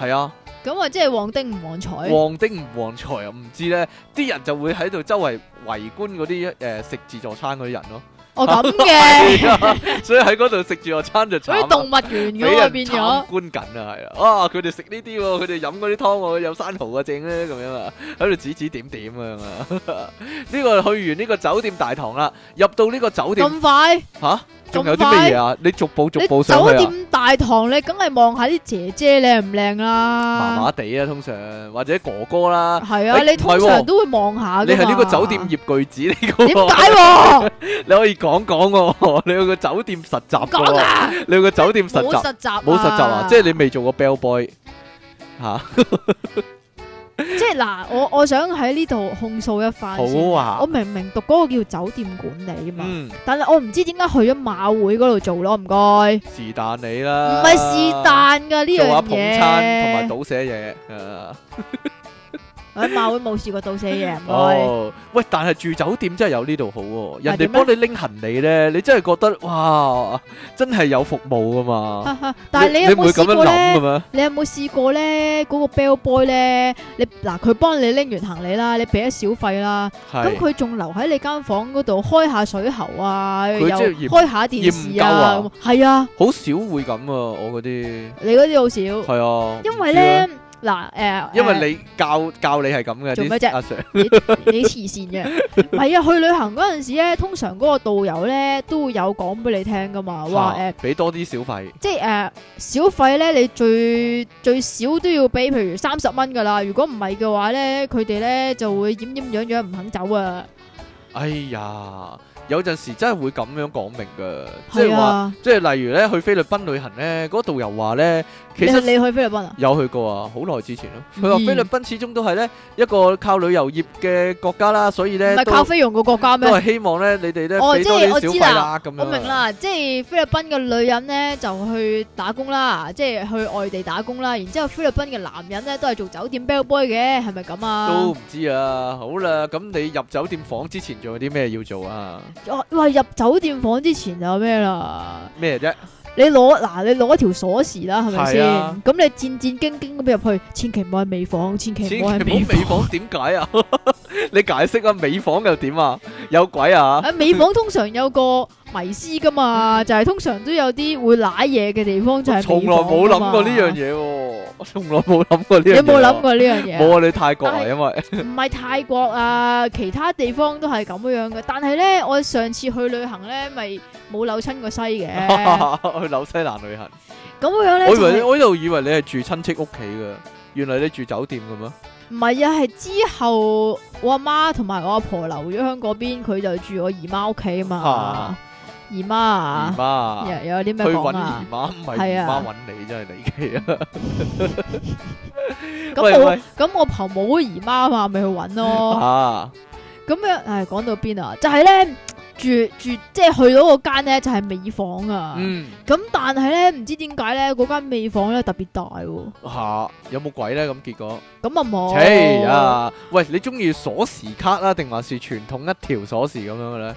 Speaker 1: 係啊，
Speaker 2: 咁啊，即係旺丁唔旺財，旺
Speaker 1: 丁唔旺財啊！唔知咧，啲人就會喺度周圍圍觀嗰啲誒食自助餐嗰啲人咯。哦咁嘅、 啊，所以喺嗰度食自助餐就，所以動物園咁啊變咗。觀緊啊，係了啊，啊，佢哋食呢啲，佢哋飲嗰啲湯，有生蠔啊正咧，咁樣啊，喺度、啊啊、指指點點啊，咁啊。呢個去完呢個酒店大堂啦，入到呢個酒店咁快吓。啊。仲有啲咩嘢啊？你逐步逐步上、啊、酒店
Speaker 2: 大堂你梗係望下啲姐姐靚唔靚啦？麻
Speaker 1: 麻地啊，通常或者哥哥啦。係啊，欸、你通常、啊、都
Speaker 2: 會望下。你係呢個酒
Speaker 1: 店業巨子嚟噶？點、這、解、個哦？啊、 你可以講講哦。你有個酒店實習、哦？講啊，你有個酒店實習？冇實習？冇實習啊！啊即係你未做過 bell boy 吓、啊。
Speaker 2: 即係嗱，我我想喺呢度控訴一番。好啊玩！我明明讀嗰個叫酒店管理啊嘛，嗯、但係我唔知點解去咗馬會嗰度做咯，唔該。
Speaker 1: 是但你啦，唔係是但噶呢樣嘢。做下捧餐同埋賭寫嘢啊！
Speaker 2: 喺馬會冇試過到死嘅，唔該。
Speaker 1: 喂，但係住酒店真係有呢度好，人哋幫你拎行李咧，你真係覺得哇，真係有服務噶嘛？
Speaker 2: 但係你有冇試過咧？你有冇試過咧？嗰個 bell boy 咧，你嗱佢幫你拎完行李啦，你俾咗小費啦，咁佢仲留喺你間房嗰度開下水喉啊，又開下電視啊，係啊，
Speaker 1: 好少會咁啊，我嗰啲。你
Speaker 2: 嗰啲好少。係
Speaker 1: 啊，因為咧。
Speaker 2: 嗱，誒，呃、因為你
Speaker 1: 教教你係咁嘅，做咩啫阿 Sir？你
Speaker 2: 你慈善嘅，唔係 啊！去旅行嗰陣時咧，通常嗰個導遊咧都會有講俾你聽噶嘛，話誒，
Speaker 1: 俾、啊呃、多啲小費，
Speaker 2: 即係、啊、誒小費咧，你最最少都要俾，譬如三十蚊噶啦，如果唔係嘅話咧，佢哋咧就會醃醃樣樣唔肯走啊！
Speaker 1: 哎呀～有陣時真係會咁樣講明噶，即係話，即係、啊、例如咧去菲律賓旅行咧，嗰導遊話咧，其實你去，你去菲律賓啊，有去過啊，好耐之前咯。佢話、嗯、菲律賓始終都係咧一個靠旅遊業嘅國家啦，所以咧唔係靠菲傭
Speaker 2: 嘅國家咩？都係希
Speaker 1: 望咧你哋咧俾啲小費啦、哦、我知，我知啦，咁樣。我明啦，
Speaker 2: 即係菲律賓嘅女人咧就去打工啦，即係去外地打工啦，然之後菲律賓嘅男人咧都係做酒店 bell boy 嘅，係咪咁啊？都
Speaker 1: 唔知啊，好啦，咁你入酒店房之前仲有啲咩要做啊？
Speaker 2: 喂、啊，入酒店房之前就咩啦？
Speaker 1: 咩啫麼、
Speaker 2: 啊？你攞嗱，你攞一條鎖匙啦，係咪先？咁你戰戰兢兢咁入去，千祈唔好喺尾房，千祈唔好係
Speaker 1: 尾房。點解啊？ 什 你解釋啊？尾房又點啊？有鬼啊？啊，尾房
Speaker 2: 通常有個。 迷思噶嘛，就係、是、通常都有啲會瀨嘢嘅地方就係從來冇諗過呢樣嘢，
Speaker 1: 我從來冇諗過呢樣嘢。有冇諗過呢樣嘢？冇 啊，你泰國啊，是因為
Speaker 2: 唔係泰國啊， 其他地方都係咁樣嘅。但係咧，我上次去旅行咧，咪冇扭親過西嘅，
Speaker 1: 去紐西蘭旅行。
Speaker 2: 咁樣咧、就是，我依度
Speaker 1: 以為你係住親戚屋企噶，原嚟你住酒店噶咩？
Speaker 2: 唔係啊，係之後我阿媽同埋我阿婆，婆留咗喺嗰邊，佢就住我姨媽屋企啊嘛。啊姨媽啊，啊，啊、哎就是啊，嗯、啊，啊，有啲咩去揾姨媽唔係姨媽
Speaker 1: 揾你，真係離奇啊！咁我
Speaker 2: 咁我婆冇姨媽嘛，咪去揾咯吓！咁樣唉，講到邊啊？就係咧住住，即係去到嗰間咧，就係尾房啊。咁但係咧，唔知點解咧，嗰間尾房咧特別大喎。
Speaker 1: 吓，有冇鬼咧？咁結果
Speaker 2: 咁啊冇。黐啊、
Speaker 1: 哎！喂，你中意鎖匙卡啦，定還是傳統一條鎖匙咁樣嘅咧？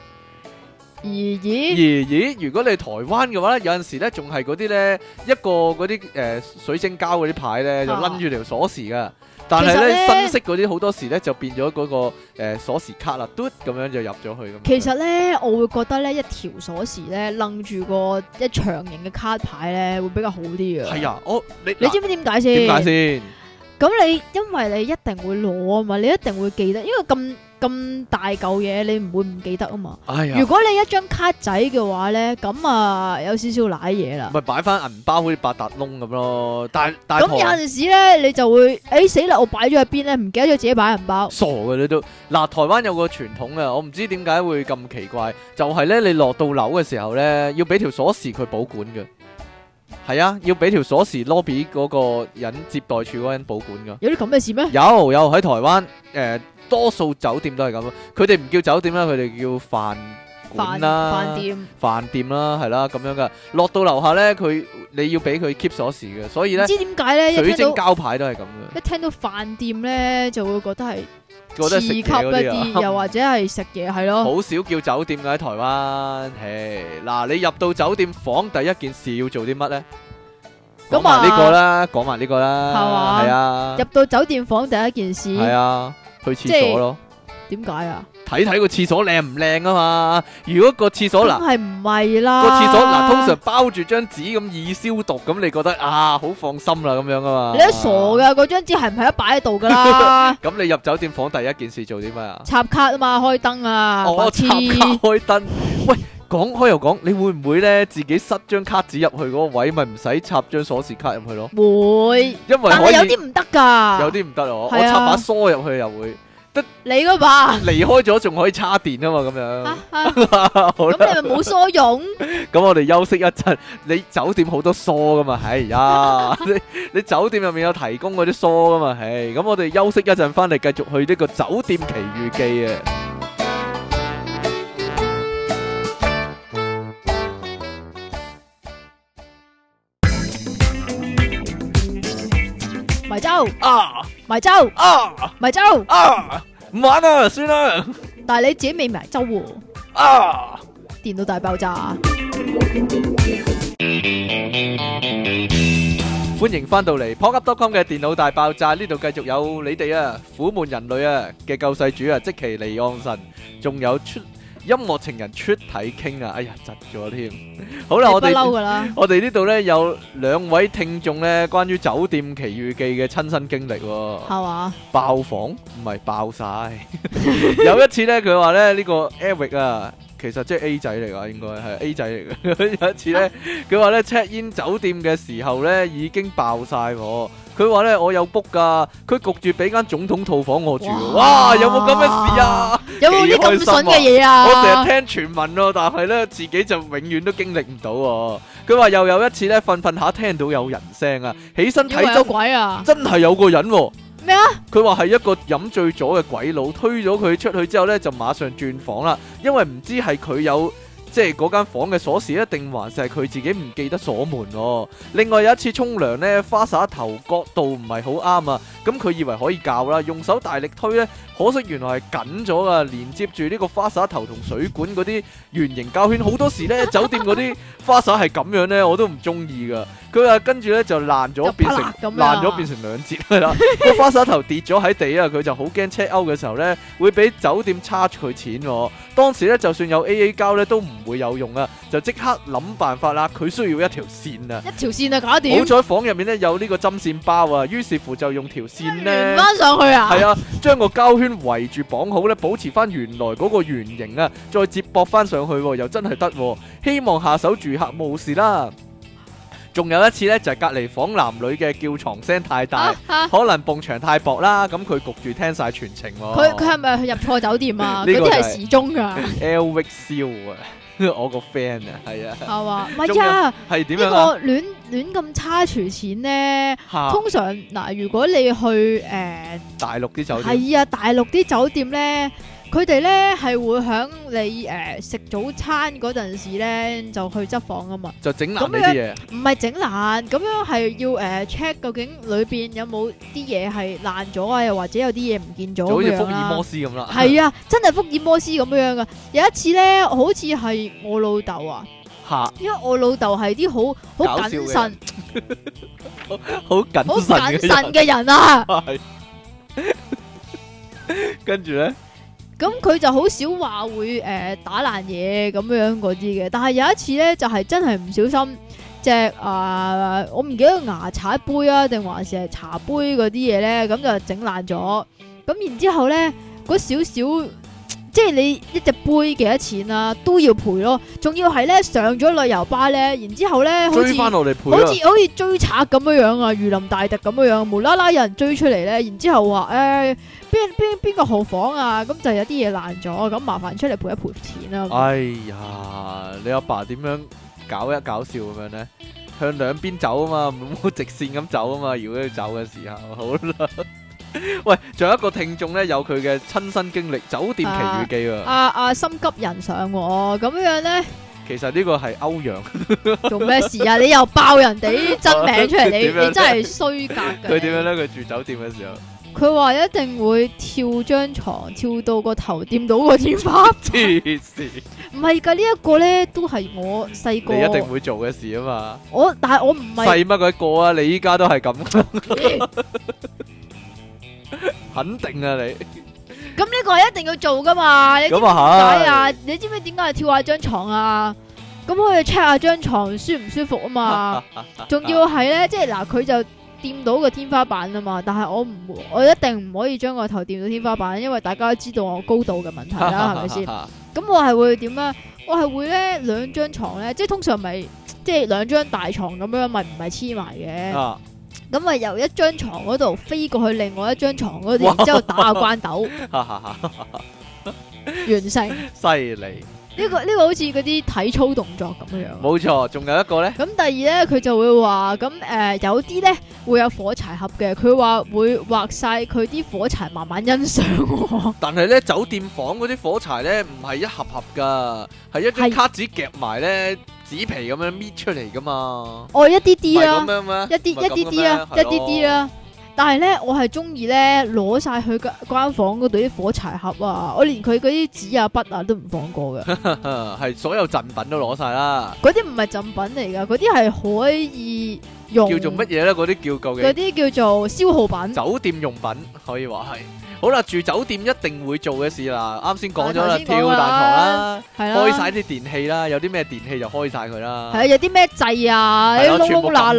Speaker 1: 而，咦，如果你台灣嘅話咧，有陣時咧仲係嗰啲咧，一個嗰啲誒水晶膠嗰啲牌咧，就拎住條鎖匙噶。但係咧，新式嗰啲好多時咧就變咗嗰個誒鎖匙卡啦，嘟咁樣就入咗去咁。其
Speaker 2: 實咧，我會覺得咧，一條鎖匙咧，掕住個一長形嘅卡牌咧，會比較好啲㗎。係啊，我你你知唔知點解先？點解先？咁你因為你一定會攞啊嘛，你一定會記得，因為咁。咁大嚿嘢，你唔會唔記得啊嘛？哎呦，如果你一張卡仔嘅話咧，咁啊有少少瀨嘢啦。
Speaker 1: 咪擺翻銀包好似八達窿咁咯，但但咁有陣時
Speaker 2: 咧，你就會誒、欸、死啦！我擺咗喺邊咧？唔記得咗自己擺銀包。
Speaker 1: 傻嘅你都嗱，台灣有個傳統啊，我唔知點解會咁奇怪，就係、是、咧你落到樓嘅時候咧，要俾條鎖匙佢保管嘅。係啊，要俾條鎖匙 lobby 嗰個人接待處嗰人保管噶。有啲咁嘅事咩？有有喺台灣誒。呃多數酒店都係咁樣，佢哋唔叫酒店啦，佢哋叫飯館啦、飯店、飯店啦，係啦咁樣噶。落到樓下咧，佢你要俾佢 keep 鎖匙嘅，所以咧，唔知點解咧，水晶膠牌都係咁嘅。一
Speaker 2: 聽到飯店咧，就會覺得係次級一啲，又或者係食嘢係咯。好
Speaker 1: 少叫酒店嘅喺台灣，誒，嗱，你入到酒店房第一件事要做啲乜咧？
Speaker 2: 講埋呢個啦，
Speaker 1: 講埋呢個啦，係嘛？係啊。入
Speaker 2: 到酒店房第一件事係啊。
Speaker 1: 去廁所咯？
Speaker 2: 點解啊？
Speaker 1: 睇睇個廁所靚唔靚啊嘛？如果個廁所嗱係
Speaker 2: 唔係啦？個廁所嗱、啊、通常
Speaker 1: 包住張紙咁易消毒，咁你覺得啊好放心啦咁樣啊嘛？你都傻
Speaker 2: 噶？嗰張紙係唔係一擺喺度噶啦？
Speaker 1: 咁 你入酒店房第一件事做啲咩啊、哦？
Speaker 2: 插卡啊嘛，開燈啊。哦插卡
Speaker 1: 開燈。喂。講開又講，你會唔會呢？自己塞張卡紙入去嗰個位，咪唔使插張鎖匙卡入去咯？
Speaker 2: 會，因為可以，但係有啲唔得噶，有
Speaker 1: 啲唔得哦。啊、我插把梳入去又會
Speaker 2: 得。你嗰把
Speaker 1: 離開咗仲可以插電啊嘛？咁樣咁你咪冇梳用。咁 我哋休息一陣，你酒店好多梳噶嘛？哎呀、啊， 你你酒店入面有提供嗰啲梳噶嘛？唉，咁我哋休息一陣，翻嚟繼續去呢個酒店奇遇記啊！
Speaker 2: 啊！埋周啊！埋周啊！唔玩啦，算啦。但係你自己未埋周喎。啊！電腦大爆炸。
Speaker 1: 歡迎翻到嚟，popupdog.com 嘅電腦大爆炸呢度繼續有你哋啊，苦悶人類啊嘅救世主啊，積淇離岸神，仲有出。音樂情人出體傾啊！哎呀，窒咗添。好啦，我哋我哋呢度咧有兩位聽眾咧，關於酒店奇遇記嘅親身經歷喎，啊。嚇嗎爆房唔係爆晒， 有一次咧，佢話咧呢，呢個 Eric 啊，其實即係 A 仔嚟㗎，應該係 A 仔嚟嘅。 有一次咧，佢話咧 check in 酒店嘅時候咧已經爆晒我。佢話咧，我有 book 噶佢焗住俾間總統套房我住。哇，哇，有冇咁嘅事啊？
Speaker 2: 有冇啲咁筍嘅嘢啊？有有啊，我成日
Speaker 1: 聽傳聞咯，但係咧自己就永遠都經歷唔到。啊。佢話又有一次咧，瞓瞓下聽到有人聲啊，起身睇咗
Speaker 2: 鬼啊，真係有個人咩啊？
Speaker 1: 佢話係一個飲醉咗嘅鬼佬推咗佢出去之後咧，就馬上轉房啦，因為唔知係佢有。即係嗰間房嘅鎖匙一定還是係佢自己唔記得鎖門喎。另外有一次沖涼呢，花灑頭角度唔係好啱啊，咁佢以為可以教啦，用手大力推呢。可惜原來係緊咗啊！連接住呢個花灑頭同水管嗰啲圓形膠圈好 多時呢酒店嗰啲花灑係咁樣呢，我都唔中意噶。佢啊跟住呢就爛咗，變成啪爛咗變成兩截，係啦。個 花灑頭跌咗喺地啊，佢就好驚 check out 嘅時候呢，會俾酒店差佢錢。當時呢就算有 A A 膠呢，都唔會有用啊，就即刻諗辦法啦。佢需要一條線啊，一
Speaker 2: 條線啊搞掂。好彩
Speaker 1: 房入面呢有呢個針線包啊，於是乎就用條線呢，捲翻上去啊，係啊，將個膠圈，圍住綁好咧，保持翻原來嗰個圓形啊，再接駁翻上去、啊，又真係得、啊。希望下手住客冇事啦。仲有一次呢，就係、是、隔籬房男女嘅叫床聲太大，啊啊、可能蹦牆太薄啦，咁佢焗住聽晒全程、啊。佢佢
Speaker 2: 係咪入錯酒店啊？嗰啲係時鐘㗎。
Speaker 1: L 屋燒啊！ 我個 friend 啊，係 有啊，係話，唔係啊，係點樣？呢個
Speaker 2: 亂亂咁差廚錢咧，哈通常嗱、呃，如果你去誒、呃、
Speaker 1: 大陸啲酒店，係
Speaker 2: 啊，大陸啲酒店咧。佢哋咧係會喺你誒、呃、食早餐嗰陣時咧就去執房啊嘛，
Speaker 1: 就整爛咁樣，
Speaker 2: 唔係整爛咁樣，係要誒 check 究竟裏邊有冇啲嘢係爛咗啊，又或者有啲嘢唔見咗，好似福爾摩
Speaker 1: 斯咁啦，係啊，
Speaker 2: 啊，真係福爾摩斯咁樣樣噶。 有一次咧，好似係我老豆啊，
Speaker 1: 吓，因
Speaker 2: 為我老豆係啲好好謹慎，好 謹慎嘅人嘅人啊，
Speaker 1: 跟住咧，
Speaker 2: 咁佢就好少話會誒打爛嘢咁樣嗰啲嘅，但係有一次咧就係、是、真係唔小心隻啊、呃，我唔記得牙擦杯啊，定還是係茶杯嗰啲嘢咧，咁就整爛咗。咁然之後咧，嗰少少即係你一隻杯幾多錢啦、啊，都要賠咯。仲要係咧上咗旅遊巴咧，然後之後咧好似好似好似追賊咁樣樣啊，如臨大敵咁樣樣，無啦啦有人追出嚟咧，然後之後話誒。欸邊邊邊個豪房啊？咁就有啲嘢爛咗，咁麻煩出嚟賠一賠錢啦！
Speaker 1: 哎呀，你阿爸點樣搞一搞笑咁樣咧？向兩邊走啊嘛，唔好直線咁走啊嘛！如果要走嘅時候，好啦。喂，仲有一個聽眾咧，有佢嘅親身經歷，酒店奇遇記啊！
Speaker 2: 阿阿心急人上喎，咁樣咧，
Speaker 1: 其實呢個係歐陽
Speaker 2: 做咩事啊？你又爆人哋真名出嚟，你你真係衰格噶！佢
Speaker 1: 點樣咧？佢住酒店嘅時候。
Speaker 2: 佢話一定會跳張床，跳到，頭到個頭掂到個天花板。
Speaker 1: 黐線，
Speaker 2: 唔係㗎，呢一個咧都係我細個。你一定
Speaker 1: 會做嘅事啊嘛。
Speaker 2: 我但係我唔係細
Speaker 1: 乜佢個啊！你依家都係咁、啊， 肯定啊你。
Speaker 2: 咁呢個係一定要做噶嘛。咁啊係、啊。啊，你知唔知點解要跳下張床啊？咁可以 check 下張床，舒唔舒服啊嘛？
Speaker 1: 仲、啊啊啊、要
Speaker 2: 係咧，即係嗱佢就。掂到個天花板啊嘛，但係我唔，我一定唔可以將個頭掂到天花板，因為大家都知道我高度嘅問題啦，係咪先？咁 我係會點咧？我係會咧兩張床咧，即係通常咪即係兩張大床咁樣，咪唔係黐埋嘅。咁啊由一張床嗰度飛過去另外一張床嗰度， 然之後打個關斗， 完成。
Speaker 1: 犀利。
Speaker 2: 呢、這個呢、這個好似嗰啲體操動作咁樣。
Speaker 1: 冇錯，仲有一個咧。
Speaker 2: 咁第二咧，佢就會話咁誒，有啲咧會有火柴盒嘅。佢話會畫晒佢啲火柴，慢慢欣賞。
Speaker 1: 但係咧，酒店房嗰啲火柴咧，唔係一盒盒噶係是一啲卡紙夾埋咧，紙皮咁樣搣出嚟噶嘛。
Speaker 2: 哦，一啲啲啊，一啲一啲啲啊，咯一啲啲啊。但係咧，我係中意咧攞晒佢間房嗰度啲火柴盒啊！我連佢嗰啲紙啊、筆啊都唔放過嘅。
Speaker 1: 係 所有贈品都攞晒啦。
Speaker 2: 嗰啲唔係贈品嚟噶，嗰啲係可以用。叫做
Speaker 1: 乜嘢咧？嗰啲叫叫嘅。嗰啲
Speaker 2: 叫做消耗品。
Speaker 1: 酒店用品可以話係。好啦，住酒店一定會做嘅事啦，啱先講咗啦，跳大床啦，開晒啲電器啦，有啲咩電器就開晒佢啦。係啊，
Speaker 2: 有啲咩掣啊，窿窿罅罅，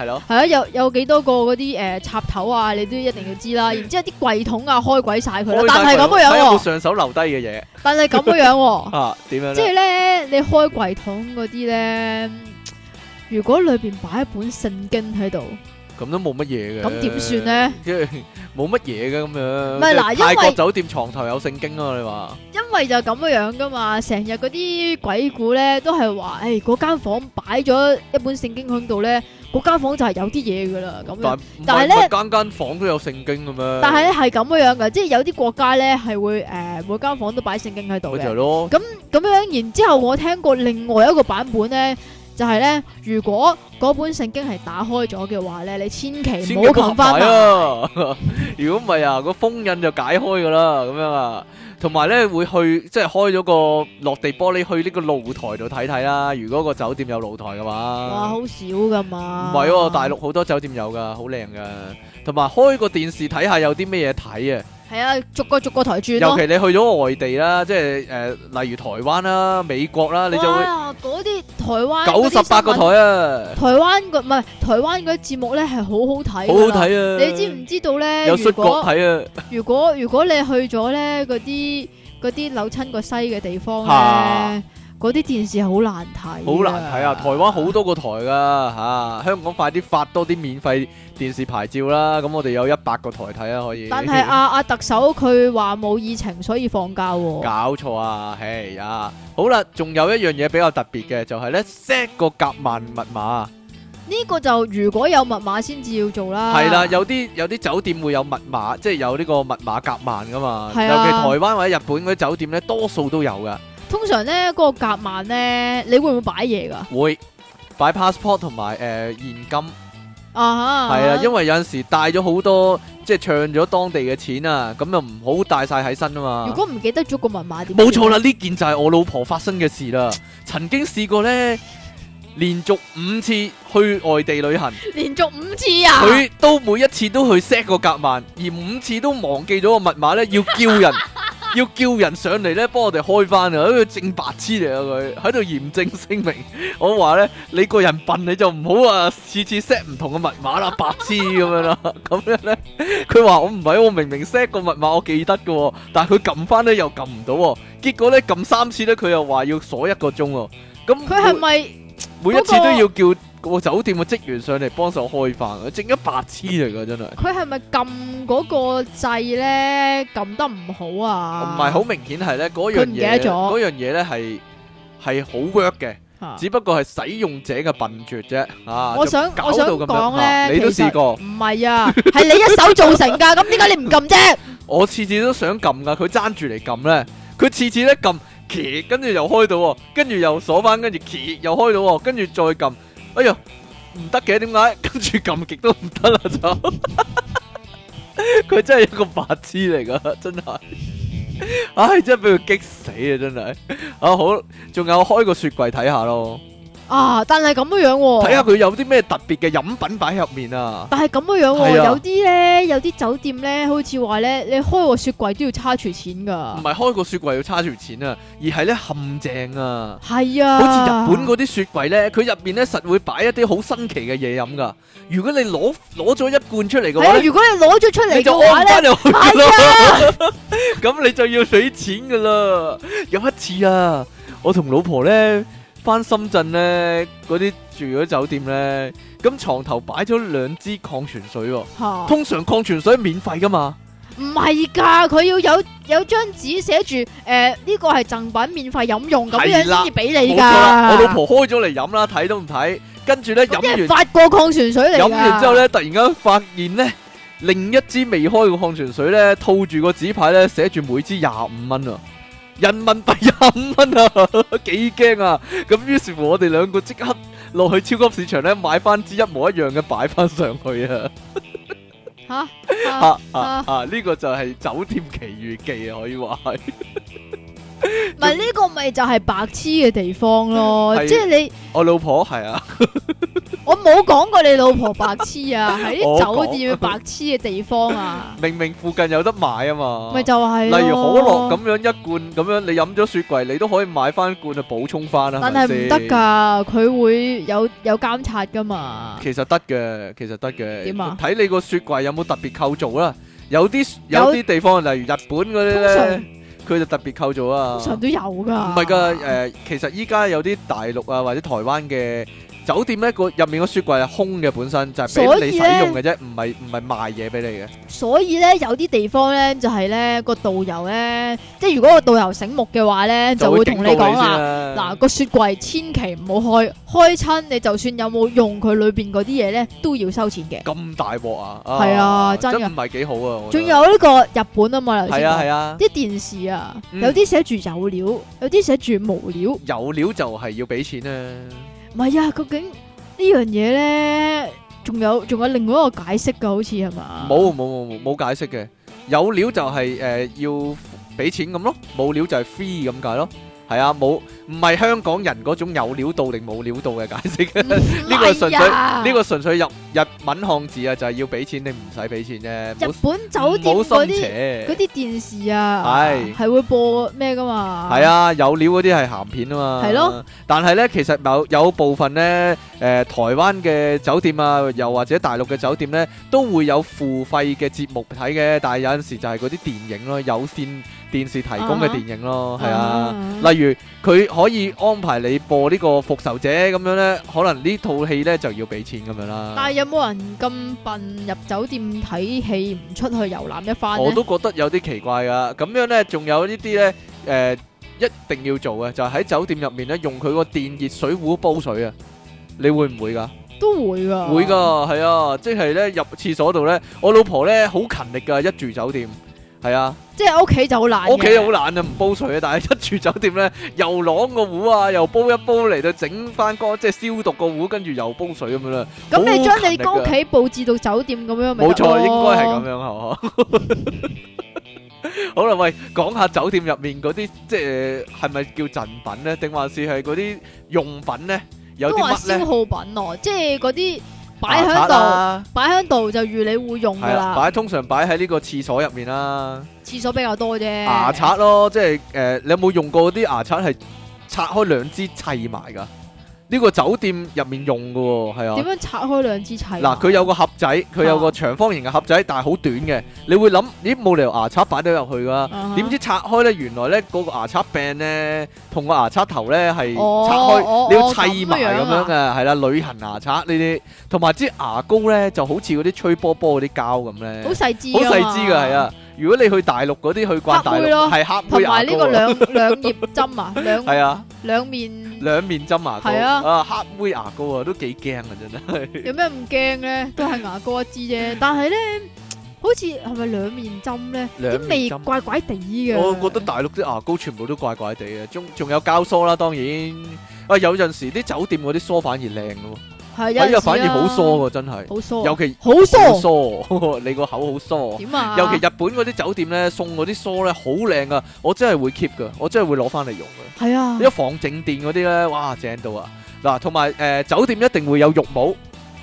Speaker 2: 係咯，係啊，有有幾多個嗰啲誒插頭啊，你都一定要知啦。然之後啲櫃桶啊，開鬼晒佢，但係咁樣，
Speaker 1: 上手留低嘅嘢，
Speaker 2: 但係咁樣，啊，
Speaker 1: 點樣咧？即係咧，
Speaker 2: 你開櫃桶嗰啲咧，如果裏邊擺一本聖經喺度，
Speaker 1: 咁都冇乜嘢嘅，咁點算咧？冇乜嘢嘅咁樣，泰國酒店床頭有聖經啊！你話因，
Speaker 2: 因為就咁嘅樣噶嘛，成日嗰啲鬼故咧都係話，誒嗰間房擺咗一本聖經喺度咧，嗰間房就係有啲嘢噶啦咁樣。但係咧，
Speaker 1: 間間房都有聖經嘅咩？但係咧係
Speaker 2: 咁嘅樣嘅，即係有啲國家咧係會誒、呃、每間房都擺聖經喺度嘅。咁咁是樣，然之後我聽過另外一個版本咧。就係咧，如果嗰本聖經係打開咗嘅話咧，你千祈唔好冚翻埋。
Speaker 1: 如果唔係啊，個封印就解開噶啦，咁樣啊，同埋咧會去即係開咗個落地玻璃去呢個露台度睇睇啦。如果個酒店有露台嘅話，哇，
Speaker 2: 好少噶嘛。唔係啊，
Speaker 1: 大陸好多酒店有噶，好靚噶，同埋開個電視睇下有啲咩嘢睇啊。
Speaker 2: 係啊，逐個逐個台轉咯。尤其
Speaker 1: 你去咗外地啦，即係誒、呃，例如台灣啦、啊、美國啦、啊，你就會嗰
Speaker 2: 啲台灣九十八個台啊！台灣個唔係台灣嗰啲節目咧係好好睇，好好睇啊！你知唔知道咧？有術國，睇啊。如果、啊、如果、如果、如果你去咗咧嗰啲嗰啲扭親個西嘅地方咧？ 嗰啲電視好難睇，好
Speaker 1: 難睇啊！台灣好多個台噶吓、 啊，香港快啲發多啲免費電視牌照啦！咁我哋有一百個台睇啦，啊，可以但，啊。但係阿
Speaker 2: 阿特首佢話冇疫情，所以放假，喔。
Speaker 1: 搞錯啊！唉啊。好啦，仲有一樣嘢比較特別嘅就係、是、呢 set 個夾萬密碼。
Speaker 2: 呢個就如果有密碼先至要做啦。係啦、 啊，
Speaker 1: 有啲有啲酒店會有密碼，即、就、係、是、有呢個密碼夾萬噶嘛，啊、尤其台灣或者日本嗰啲酒店呢，多數都有噶。
Speaker 2: 通常咧，嗰個夾萬咧，你會唔會擺嘢噶？
Speaker 1: 會，擺 passport 同埋誒現金。
Speaker 2: 啊哈！係啊，因為
Speaker 1: 有陣時帶咗好多，即係唱咗當地嘅錢啊，咁又唔好帶晒喺身啊嘛。如果
Speaker 2: 唔記得咗個密碼點？冇錯啦，呢
Speaker 1: 件就係我老婆發生嘅事啦。曾經試過咧，連續五次去外地旅行，
Speaker 2: 連續五次啊？佢
Speaker 1: 都每一次都去 set 個夾萬，而五次都忘記咗個密碼咧，要叫人。要叫人上嚟咧，幫我哋開翻呀，因個正白痴嚟啊！佢喺度嚴正聲明， 我話咧，你個人笨，你就唔好啊，次次 set 唔同嘅密碼啦， 白痴咁樣啦，咁樣咧，佢話我唔係，我明明 set 個密碼，我記得㗎、哦，但係佢撳翻咧又撳唔到、哦，結果咧撳三次咧，佢又話要鎖一個鐘喎、
Speaker 2: 哦，咁佢係咪每一次都要
Speaker 1: 叫？個酒店個職員上嚟幫手開飯，正一白痴嚟噶，真係。佢
Speaker 2: 係咪撳嗰個掣咧？撳得唔好啊？唔
Speaker 1: 係，好明顯係咧嗰樣嘢，嗰樣嘢咧係係好 work 嘅，只不過係使用者嘅笨拙啫。啊，我想，我想講咧，你都試過，
Speaker 2: 唔係啊，係你一手造成噶。咁點解你唔撳啫？
Speaker 1: 我次次都想撳噶，佢爭住嚟撳咧，佢次次一撳，揭，跟住又開到，跟住又鎖翻，跟住揭又開到，跟住再撳。哎呀，唔得嘅，點解跟住咁極都唔得啦？就佢 真係一個白痴嚟噶，真係，唉、 哎，真係俾佢激死啊！真係，啊 好，仲有開個雪櫃睇下咯。
Speaker 2: 啊！但係咁嘅樣、啊，睇下佢
Speaker 1: 有啲咩特別嘅飲品擺喺入面啊！但係
Speaker 2: 咁嘅樣、啊啊有，有啲咧，有啲酒店咧，好似話咧，你開個雪櫃都要叉住錢噶。
Speaker 1: 唔係開個雪櫃要叉住錢啊，而係咧冚正啊。係啊，好似日本嗰啲雪櫃咧，佢入邊咧實會擺一啲好新奇嘅嘢飲噶。如果你攞攞咗一罐出嚟嘅話、啊，如果
Speaker 2: 你攞咗出嚟嘅話
Speaker 1: 咧，咁你、啊、 你就要水錢噶啦。有一次啊，我同老婆咧。翻深圳呢，嗰啲住咗酒店呢，咁床頭擺咗兩支礦泉水喎，哦。哈通常礦泉水免費噶嘛？
Speaker 2: 唔係噶，佢要有有張紙寫住，誒、呃、呢、這個係贈品免費飲用，免費飲用咁樣先至俾你噶。我老
Speaker 1: 婆開咗嚟飲啦，睇都唔睇，跟住呢飲完發
Speaker 2: 過礦泉水嚟。飲完之後呢，
Speaker 1: 突然間發現呢另一支未開嘅礦泉水呢，套住個紙牌呢，寫住每支廿五蚊啊！人民幣廿五蚊啊，幾驚啊！咁於是乎，我哋兩個即刻落去超級市場咧買翻支一,一模一樣嘅擺翻上去
Speaker 2: 啊！ 嚇嚇嚇！
Speaker 1: 呢個就係《酒店奇遇記》啊，可以話係。
Speaker 2: 唔係呢個咪就係白痴嘅地方咯，即係你
Speaker 1: 我老婆係啊，
Speaker 2: 我冇講過你老婆白痴啊，喺酒店白痴嘅地方啊，
Speaker 1: 明明附近有得買啊嘛，咪就係例如可樂咁樣一罐咁樣，你飲咗雪櫃，你都可以買翻一罐去補充翻啊，但係唔得噶，
Speaker 2: 佢會有有監察噶嘛，
Speaker 1: 其實得嘅，其實得嘅，點啊？睇你個雪櫃有冇特別構造啊，有啲有啲地方例如日本嗰啲咧。佢就特別構造啊，通常
Speaker 2: 都有㗎。唔
Speaker 1: 係㗎，誒，其實依家有啲大陸啊或者台灣嘅。酒店咧個入面個雪櫃係空嘅，本身就係俾你使用嘅啫，唔係，唔係賣嘢俾你嘅。
Speaker 2: 所以咧有啲地方咧就係咧個導遊咧，即係如果個導遊醒目嘅話咧，就會同你講啦，嗱，個雪櫃千祈唔好開，開親你就算有冇用佢裏邊嗰啲嘢咧，都要收錢嘅。咁
Speaker 1: 大鑊啊！係啊，真係唔係幾好啊。仲有
Speaker 2: 呢個日本啊嘛，係啊係啊，啲電視啊，有啲寫住有料，有啲寫住無料，
Speaker 1: 有料就係要俾錢啊。
Speaker 2: 唔係啊，究竟呢樣嘢咧，仲有仲有另外一個解釋噶，好似係嘛？
Speaker 1: 冇冇冇冇解釋嘅，有料就係、是、誒、呃、要俾錢咁咯，冇料就係 free 咁解咯。係啊，冇唔係香港人嗰種有料到定冇料到嘅解釋，呢禮、啊、 個純粹呢、呢個純粹日日文漢字啊，就係要俾錢定唔使俾錢啫。日本酒店嗰啲嗰啲
Speaker 2: 電視啊，係係、啊、會播咩噶嘛？係啊，
Speaker 1: 有料嗰啲係鹹片啊嘛。係是咯，但係呢，其實有有部分呢，誒、呃、台灣嘅酒店啊，又或者大陸嘅酒店呢，都會有付費嘅節目睇嘅，但係有陣時就係嗰啲電影咯，有線。電視提供嘅電影咯，係啊，啊，例如佢可以安排你播呢個復仇者咁樣呢，可能呢套戲呢就要俾錢咁樣啦。但係
Speaker 2: 有冇人咁笨入酒店睇戲唔出去遊覽一番？我都
Speaker 1: 覺得有啲奇怪㗎。咁樣呢，仲有呢啲呢，誒、呃，一定要做嘅就係喺酒店入面呢，用佢個電熱水壺煲水啊！你會唔會㗎？
Speaker 2: 都會㗎。會㗎，
Speaker 1: 係啊，即係呢入廁所度呢，我老婆呢，好勤力㗎，一住酒店。係啊，
Speaker 2: 即係屋企就好懶，屋企又
Speaker 1: 好懶啊，唔煲水啊。但係一住酒店咧，又晾個壺啊，又煲一煲嚟到整翻個，即係消毒個壺，跟住又煲水咁樣啦。咁你將你個屋企
Speaker 2: 布置到酒店咁樣，冇錯，應該係咁
Speaker 1: 樣，係嘛？好啦，喂，講下酒店入面嗰啲，即係係咪叫贈品咧？定還是係嗰啲用品咧？都話消耗
Speaker 2: 品咯，即係嗰啲。擺喺度，擺喺度就預你會用噶啦。
Speaker 1: 擺通常擺喺呢個廁所入面啦。
Speaker 2: 廁所比較多啫。牙
Speaker 1: 刷咯、啊，即係誒，你有冇用過啲牙刷係拆開兩支砌埋噶？呢個酒店入面用嘅係啊，點
Speaker 2: 樣拆開兩支砌、啊？嗱、啊，佢
Speaker 1: 有個盒仔，佢有個長方形嘅盒仔，但係好短嘅。你會諗咦，冇理由牙刷擺得入去噶，點、uh huh. 知拆開咧？原來咧，嗰個牙刷柄咧同個牙刷頭咧係拆開，uh huh. 你要砌埋咁樣嘅，係啦、啊。旅行牙刷呢啲，同埋支牙膏咧，就好似嗰啲吹波波嗰啲膠咁咧，好細枝，好細枝嘅係啊。如果你去大陸嗰啲去掛大陸，係黑妹牙膏，同埋呢個兩
Speaker 2: 兩葉針啊，兩係啊，兩面
Speaker 1: 兩面針啊，係啊，啊黑妹牙膏啊，都幾驚啊真係。
Speaker 2: 有咩唔驚咧？都係牙膏一支啫。但係咧，好似係咪兩面針咧？啲味怪怪地嘅。我覺
Speaker 1: 得大陸啲牙膏全部都怪怪地嘅，仲仲有膠梳啦。當然，啊有陣時啲酒店嗰啲梳反而靚嘅喎。.
Speaker 2: 係啊，反而好疏
Speaker 1: 噶，真係，尤其好梳，疏，你個口好梳。點啊？尤其日本嗰啲酒店咧，送嗰啲梳咧，好靚啊！我真係會 keep 噶，我真係會攞翻嚟用噶。係啊的，一防靜電嗰啲咧，哇，正到啊！嗱，同埋誒，酒店一定會有浴帽，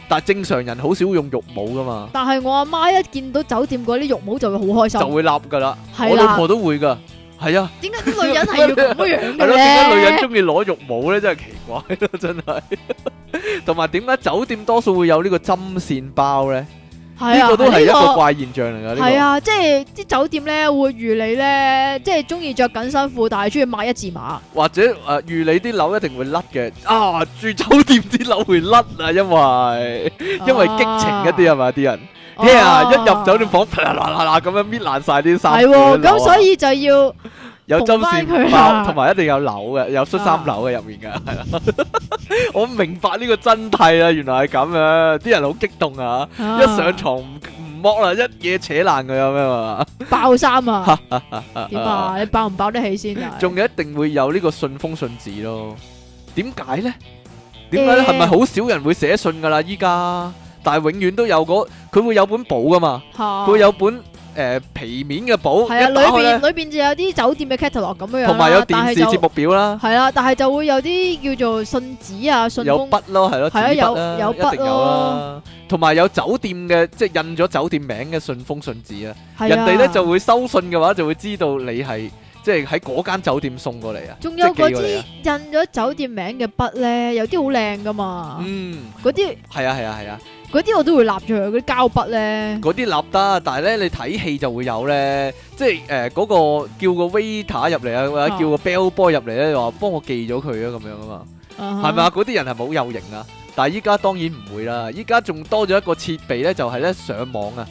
Speaker 1: 但係正常人好少會用浴帽噶嘛。
Speaker 2: 但係我阿媽一見到酒店嗰啲浴帽就會好開心，就
Speaker 1: 會笠噶啦。啦的，我老婆都會噶。係啊，點
Speaker 2: 解啲女人係要咁樣咧？係咯、 啊，點解女人中
Speaker 1: 意攞浴帽咧？真係奇怪咯，真係。同埋點解酒店多數會有呢個針線包咧？
Speaker 2: 係啊，呢個都係一個怪
Speaker 1: 現象嚟噶。係啊、
Speaker 2: 這個、啊，即係啲酒店咧會預你咧，即係中意着緊身褲，但係中意買一字馬。
Speaker 1: 或者誒，預、呃、你啲樓一定會甩嘅。啊，住酒店啲樓會甩啊，因為因為、啊、因為激情一啲啊嘛啲人。聽啊，一入酒店房，啪啦啦啦咁樣搣爛晒啲衫。係喎，咁所以
Speaker 2: 就要有針線，同
Speaker 1: 埋一定有樓嘅，有恤衫樓嘅入面嘅，係啦。我明白呢個真諦啦，原來係咁樣，啲人好激動啊！一上床唔唔剝啦，一嘢扯爛佢有咩嘛？
Speaker 2: 爆衫啊！點爆？你爆唔爆得起先？
Speaker 1: 仲有一定會有呢個信封信紙咯？點解咧？點解咧？係咪好少人會寫信噶啦？依家？但係永遠都有嗰，佢會有本簿噶嘛，佢會有本誒皮面嘅簿，係啊，裏邊裏
Speaker 2: 邊就有啲酒店嘅 catalog 咁樣樣，同埋有電視節目表啦，係啊，但係就會有啲叫做信紙啊，信有筆
Speaker 1: 咯，係咯，係啊，有有筆咯，同埋有酒店嘅即係印咗酒店名嘅信封信紙啊，人哋咧就會收信嘅話就會知道你係即係喺嗰間酒店送過嚟啊，仲有嗰
Speaker 2: 啲印咗酒店名嘅筆咧，有啲好靚噶嘛，嗯，嗰啲
Speaker 1: 係啊係啊係啊。
Speaker 2: 嗰啲我都會立住，嗰啲膠筆咧。
Speaker 1: 嗰啲立得，但係咧你睇戲就會有咧，即係誒嗰個叫個 waiter 入嚟啊，或者叫個 bell boy 入嚟咧，就話幫我寄咗佢啊，咁樣啊嘛，係咪啊哈？嗰啲人係咪好有型啊，但係依家當然唔會啦，依家仲多咗一個設備咧，就係咧上網啊，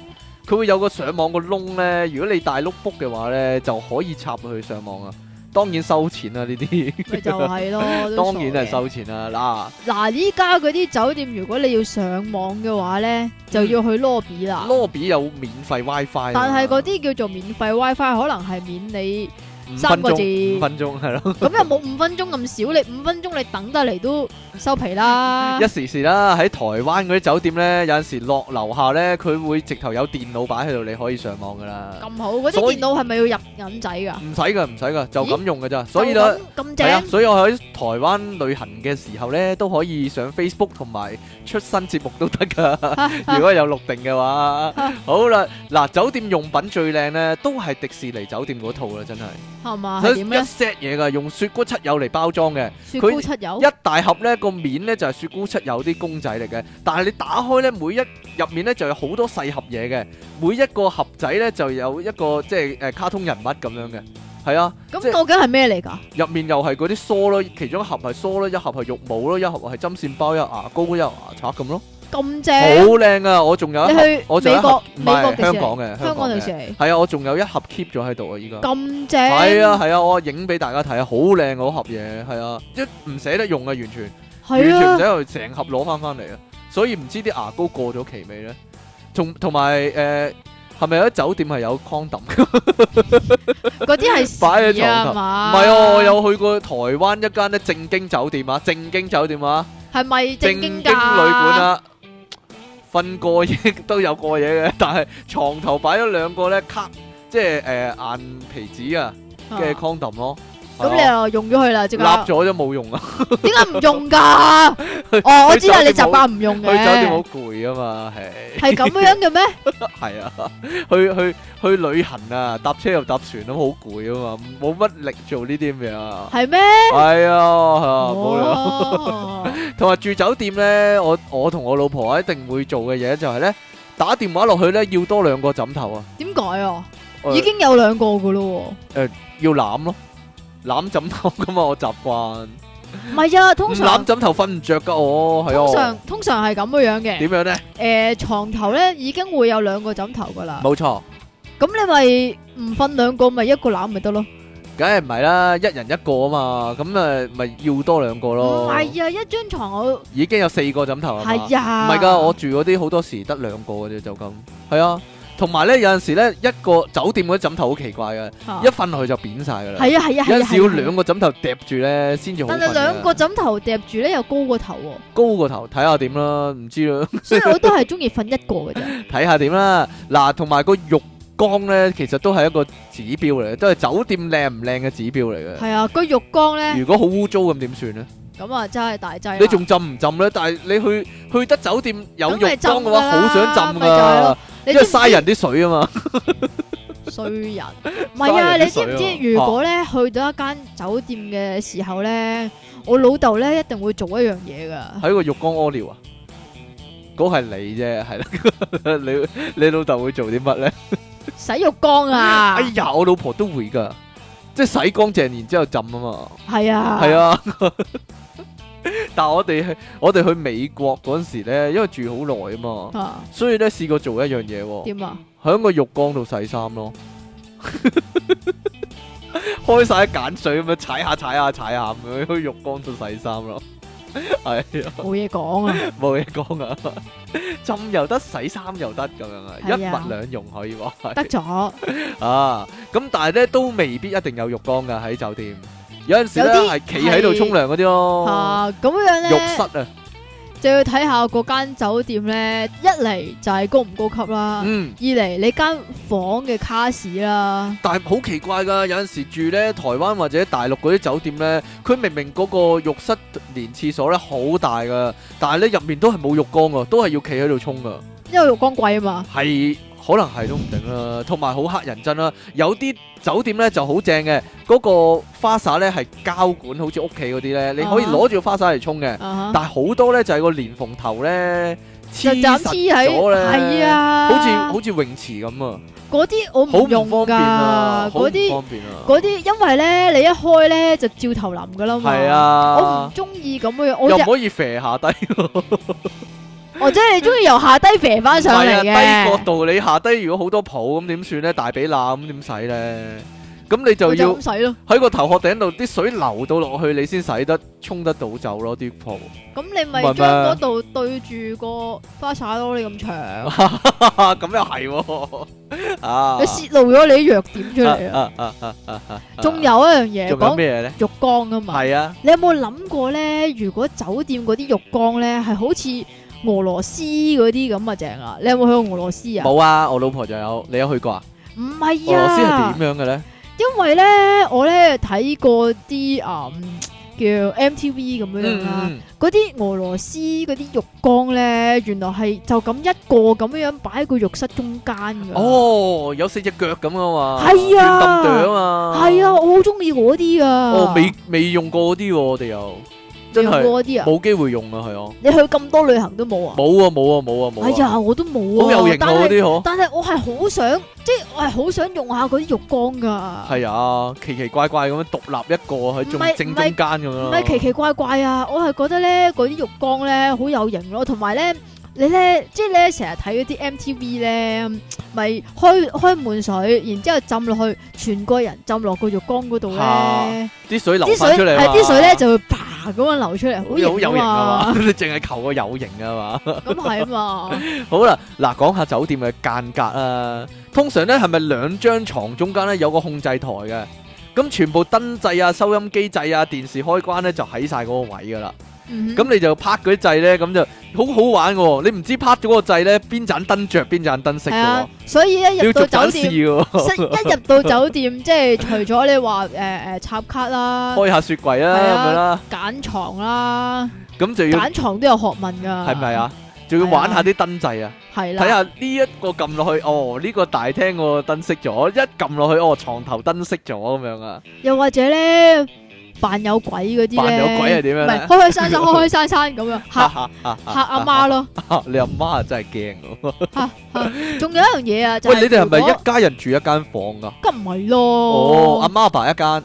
Speaker 1: 佢會有個上網個窿咧，如果你帶 notebook 嘅話咧，就可以插去上網啊。當然收錢啦、啊，呢啲就係咯， 當然係收錢啦、啊。嗱
Speaker 2: 嗱，依家嗰啲酒店如果你要上網嘅話咧，嗯、就要去 lobby 啦。
Speaker 1: lobby 有免費 WiFi，但係
Speaker 2: 嗰啲叫做免費 WiFi，可能係免你。三個字，五分
Speaker 1: 鐘係咯，
Speaker 2: 咁又冇五分鐘咁少，你五分鐘你等得嚟都收皮啦。一
Speaker 1: 時時啦，喺台灣嗰啲酒店咧，有陣時落樓下咧，佢會直頭有電腦擺喺度，你可以上網噶啦。
Speaker 2: 咁好，嗰啲電腦係咪要入銀仔㗎？唔
Speaker 1: 使㗎，唔使㗎，就咁用㗎咋。所以咧，咁正。所以我喺台灣旅行嘅時候咧，都可以上 Facebook 同埋出新節目都得㗎。如果有錄定嘅話，好啦，嗱，酒店用品最靚咧，都係迪士尼酒店嗰套啦，真係。係嘛？佢一 set 嘢噶，用雪姑七友嚟包裝嘅。雪姑七友一大盒咧，個面咧就係雪姑七友啲公仔嚟嘅。但係你打開咧，每一入面咧就有好多細盒嘢嘅。每一個盒仔咧就有一個即係誒卡通人物咁樣嘅。係啊。
Speaker 2: 咁究竟係咩嚟噶？
Speaker 1: 入面又係嗰啲梳咯，其中一盒係梳咯，一盒係浴帽咯，一盒係針線包，一盒牙膏，一盒牙刷咁咯。
Speaker 2: 咁正，好
Speaker 1: 靚啊！我仲有，你去美國，美國，香港嘅，香港條蛇，係啊，我仲有一盒 keep 咗喺度啊，依家咁正，係啊係啊，我影俾大家睇啊，好靚嗰盒嘢，係啊，一唔捨得用啊，完全，
Speaker 2: 係啊，完全唔捨得
Speaker 1: 用成盒攞翻翻嚟啊，所以唔知啲牙膏過咗期未咧，仲同埋，誒，係咪有啲酒店係有 condom 嗰
Speaker 2: 啲係，擺喺床頭，唔係啊，
Speaker 1: 我有去過台灣一間咧正經酒店啊，正經酒店啊，
Speaker 2: 係咪正經旅館啊？
Speaker 1: 瞓過夜都有過夜嘅，但係床頭擺咗兩個呢卡，即係誒硬皮紙的啊嘅 condom 咯。
Speaker 2: 咁你又用咗佢啦？直接攬咗
Speaker 1: 就冇用啊？
Speaker 2: 點解唔用噶？
Speaker 1: 哦，我知啦，你習慣唔用嘅。去酒店好攰啊嘛，係。係咁樣嘅
Speaker 2: 咩？
Speaker 1: 係啊，去去去旅行啊，搭車又搭船都好攰啊嘛，冇乜力做呢啲嘢啊。係咩？係啊，係啊，冇聊。同埋住酒店咧，我我同我老婆一定會做嘅嘢就係咧，打電話落去咧要多兩個枕頭啊。
Speaker 2: 點解啊？已經有兩個噶咯。
Speaker 1: 誒，要攬咯。攬枕頭噶嘛，我習慣。
Speaker 2: 唔係啊，通常。唔攬枕
Speaker 1: 頭瞓唔著噶，我，係啊。通常
Speaker 2: 通常係咁嘅樣嘅。點樣咧？誒，牀頭咧已經會有兩個枕頭噶啦。冇錯。咁你咪唔瞓兩個咪一個攬咪得咯？
Speaker 1: 梗係唔係啦？一人一個啊嘛，咁誒咪要多兩個咯。唔係啊，
Speaker 2: 一張牀我
Speaker 1: 已經有四個枕頭。係啊。唔係㗎，我住嗰啲好多時得兩個嘅啫，就咁。係啊。同埋咧，有陣時咧，一個酒店嗰啲枕頭好奇怪嘅，啊、一瞓落去就扁晒噶啦。係啊，係啊，有陣時要兩個枕頭疊住咧，先用好。但係兩個
Speaker 2: 枕頭疊住咧，又高過頭喎，
Speaker 1: 哦。高過頭，睇下點啦，唔知啦。所以我都
Speaker 2: 係中意瞓一個嘅啫。
Speaker 1: 睇下點啦，嗱，同埋個浴缸咧，其實都係一個指標嚟嘅，都係酒店靚唔靚嘅指標嚟嘅。係
Speaker 2: 啊，個浴缸咧，如
Speaker 1: 果好污糟咁點算咧？
Speaker 2: 咁啊，真係大劑。你仲
Speaker 1: 浸唔浸咧？但係你去去得酒店有浴缸嘅話，好想浸㗎。知知因為嘥人啲水啊嘛，
Speaker 2: 衰人，唔係 啊！你知唔知如果咧去到一間酒店嘅時候咧，啊、我老豆咧一定會做一樣嘢噶，
Speaker 1: 喺個浴缸屙尿啊！嗰係 你啫，係啦， 你你老豆會做啲乜咧？
Speaker 2: 洗浴缸啊！哎
Speaker 1: 呀，我老婆都會噶，即係洗乾淨然之後浸啊嘛，係啊，係啊。但係我哋係我哋去美國嗰陣時咧，因為住好耐啊嘛，啊所以咧試過做一樣嘢，點啊？喺個浴缸度洗衫咯，開晒一鹼水咁樣踩下踩下踩下，咁樣去浴缸度洗衫咯，係，冇嘢講啊，冇嘢講啊，浸又得，洗衫又得，咁樣啊，一物兩用可以話，得咗了 啊，咁但係咧都未必一定有浴缸噶，喺酒店。有陣時咧係企喺度沖涼嗰啲咯，吓咁樣咧浴室啊，
Speaker 2: 就要睇下嗰間酒店咧，一嚟就係高唔高級啦，嗯，二嚟你間房嘅卡士啦。
Speaker 1: 但係好奇怪噶，有陣時住咧台灣或者大陸嗰啲酒店咧，佢明明嗰個浴室連廁所咧好大噶，但係咧入面都係冇浴缸噶，都係要企喺度沖噶，因
Speaker 2: 為浴缸貴啊嘛。
Speaker 1: 係。可能係都唔定啦，同埋好黑人憎啦。有啲酒店咧就好正嘅，嗰、嗰個花灑咧係膠管，好似屋企嗰啲咧，uh huh. 你可以攞住個花灑嚟沖嘅。Uh huh. 但係好多咧就係、係、個蓮蓬頭咧黐實咗咧，係啊，好似好似泳池咁啊。
Speaker 2: 嗰啲我唔用噶，嗰啲嗰啲因為咧你一開咧就照頭淋噶啦。係啊，我唔中意咁嘅樣，又唔
Speaker 1: 可以啡下低。
Speaker 2: 哦，即係你中意由下低斜翻上嚟嘅。低角
Speaker 1: 度，你下低如果好多泡咁點算咧？大髀罅咁點洗咧？咁你就要洗咯，喺個頭殼頂度啲水流到落去，你先洗得沖得到走咯啲泡。
Speaker 2: 咁你咪將嗰度對住個花灑咯，你咁長
Speaker 1: 咁又係啊？ 你泄
Speaker 2: 露咗你弱點出嚟 啊！
Speaker 1: 仲、啊啊啊啊啊、有一樣嘢講咩咧？浴缸啊嘛，係啊。
Speaker 2: 你有冇諗過咧？如果酒店嗰啲浴缸咧，係好似～俄羅斯嗰啲咁啊正啊！你有冇去過俄羅斯啊？冇啊！
Speaker 1: 我老婆就有，你有去過啊？
Speaker 2: 唔係、嗯、啊！嗯、俄羅斯係點樣嘅咧？因為咧，我咧睇過啲啊叫 MTV 咁樣啦，嗰啲俄羅斯嗰啲浴缸咧，原來係就咁一個咁樣樣擺喺個浴室中間嘅。哦，
Speaker 1: 有四隻腳咁嘅嘛？係啊，墊腳啊嘛？係
Speaker 2: 啊，我好中意嗰啲啊！哦，未
Speaker 1: 未用過嗰啲，我哋又。用過真係嗰啲啊，冇機會用啊，係哦。
Speaker 2: 你去咁多旅行都冇啊？
Speaker 1: 冇啊，冇啊，冇啊，冇啊。哎呀，
Speaker 2: 我都冇啊。好有型啊，嗰啲但係，但係我係好想，即係我係好想用下嗰啲浴缸噶。係
Speaker 1: 啊，奇奇怪怪咁樣獨立一個喺正中間咁樣。唔係奇
Speaker 2: 奇怪怪啊！我係覺得咧，嗰啲浴缸咧好有型咯，同埋咧。你咧即係咧成日睇嗰啲 MTV 咧，咪、就是、開開滿水，然之後浸落去，全個人浸落個浴缸嗰度咧，
Speaker 1: 啲、啊、水流出嚟，係啲水咧
Speaker 2: 就會啪咁樣流出嚟，好有，有型啊
Speaker 1: 嘛！你淨係求個有型啊嘛？咁係啊嘛。
Speaker 2: 呵呵
Speaker 1: 好啦，嗱，講下酒店嘅間隔啊。通常咧係咪兩張床中間咧有個控制台嘅？咁全部燈掣啊、收音機掣啊、電視開關咧就喺晒嗰個位噶啦。
Speaker 2: 咁你就拍
Speaker 1: 嗰啲掣咧，咁就好好玩嘅。你唔知拍咗嗰個掣咧，邊盞燈着，邊盞燈熄嘅。
Speaker 2: 所以一入到酒店，一入到酒店，即係除咗你話誒誒插卡啦，開
Speaker 1: 下雪櫃啦，咁樣啦，
Speaker 2: 揀床啦，咁就要揀床都有學問噶，係
Speaker 1: 咪啊？仲要玩下啲燈掣啊，係啦，睇下呢一個撳落去，哦呢個大廳個燈熄咗，一撳落去，哦床頭燈熄咗咁樣啊。
Speaker 2: 又或者咧？扮有鬼嗰啲咧，有鬼係點樣？唔係開開心心開開心心咁樣吓
Speaker 1: 吓阿媽咯。你阿媽真係驚。
Speaker 2: 仲 有一樣嘢啊！就係，喂，你哋係咪一
Speaker 1: 家人住一間房噶？
Speaker 2: 咁唔係咯。哦，阿媽爸一間。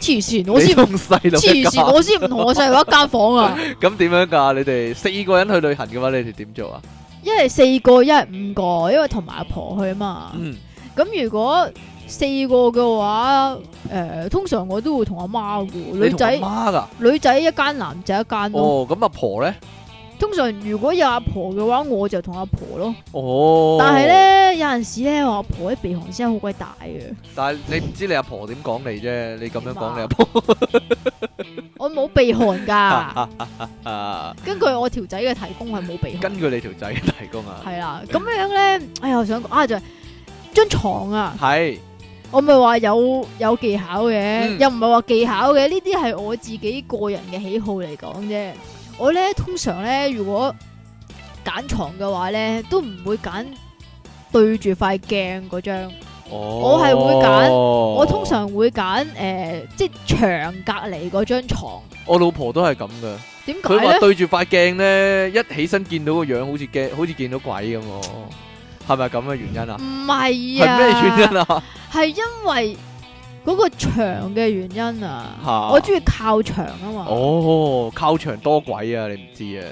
Speaker 2: 黐線，我先同細佬黐我先唔同我細佬一間房啊。
Speaker 1: 咁點樣噶啊？你哋四個人去旅行嘅話，你哋點做啊？
Speaker 2: 一係四個，一係五個，因為同埋阿婆去啊嘛。嗯。咁 如果？四個嘅話，誒、呃，通常我都會同阿媽噶女仔，媽噶女仔一間，男仔一間哦，
Speaker 1: 咁阿婆咧？
Speaker 2: 通常如果有阿婆嘅話，我就同阿婆咯。
Speaker 1: 哦，但係咧
Speaker 2: 有陣時咧，我阿婆喺鼻鼾聲好鬼大嘅。
Speaker 1: 但係你唔知你阿婆點講你啫，你咁樣講說你阿婆
Speaker 2: 我，我冇鼻鼾噶。啊，
Speaker 1: 根
Speaker 2: 據我條仔嘅提供係冇鼻鼾。 根
Speaker 1: 據你條仔嘅提供啊。
Speaker 2: 係啦，咁樣咧，哎呀，我想講啊，就係張床啊，係、uh,。我唔係話有有技巧嘅，嗯、又唔係話技巧嘅，呢啲係我自己個人嘅喜好嚟講啫。我咧通常咧，如果揀床嘅話咧，都唔會揀對住塊鏡嗰張。哦、我係會揀，哦、我通常會揀誒、呃，即係牆隔籬嗰張床。
Speaker 1: 我老婆都係咁噶，點解咧？佢話對住塊鏡咧，一起身見到個樣，好似驚，好似見到鬼咁。係咪咁嘅原因啊？唔係啊，係咩原因啊？
Speaker 2: 係因為嗰個牆嘅原因啊，啊我中意靠牆啊
Speaker 1: 嘛。哦，靠牆多鬼啊，你唔知啊？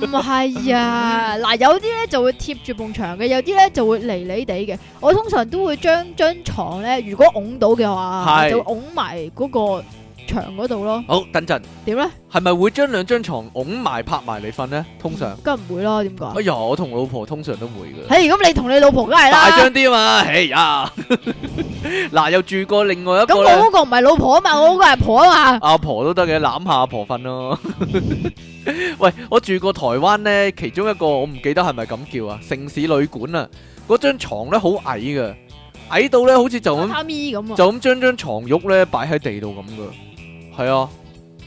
Speaker 2: 唔係 啊，嗱， 有啲咧就會貼住埲牆嘅，有啲咧就會離離地嘅。我通常都會將張床咧，如果拱到嘅話，是就拱埋嗰個。長
Speaker 1: 度咯，好等陣，點咧？係咪會將兩張床拱埋拍埋你瞓呢？通常
Speaker 2: 梗唔會啦，點
Speaker 1: 解？哎呀，我同老婆通常都會嘅。
Speaker 2: 嘿，咁你同你老婆，梗係啦。大張啲啊嘛，
Speaker 1: 哎呀，嗱， 又住過另外一個。咁我嗰
Speaker 2: 個唔係老婆啊嘛，嗯、我嗰個係婆啊嘛。
Speaker 1: 阿婆都得嘅，攬下阿婆瞓咯。 喂，我住過台灣咧，其中一個我唔記得係咪咁叫啊，城市旅館啊，嗰張床咧好矮嘅，矮到咧好似就咁， 就咁將張床喐咧擺喺地度咁嘅。朋友。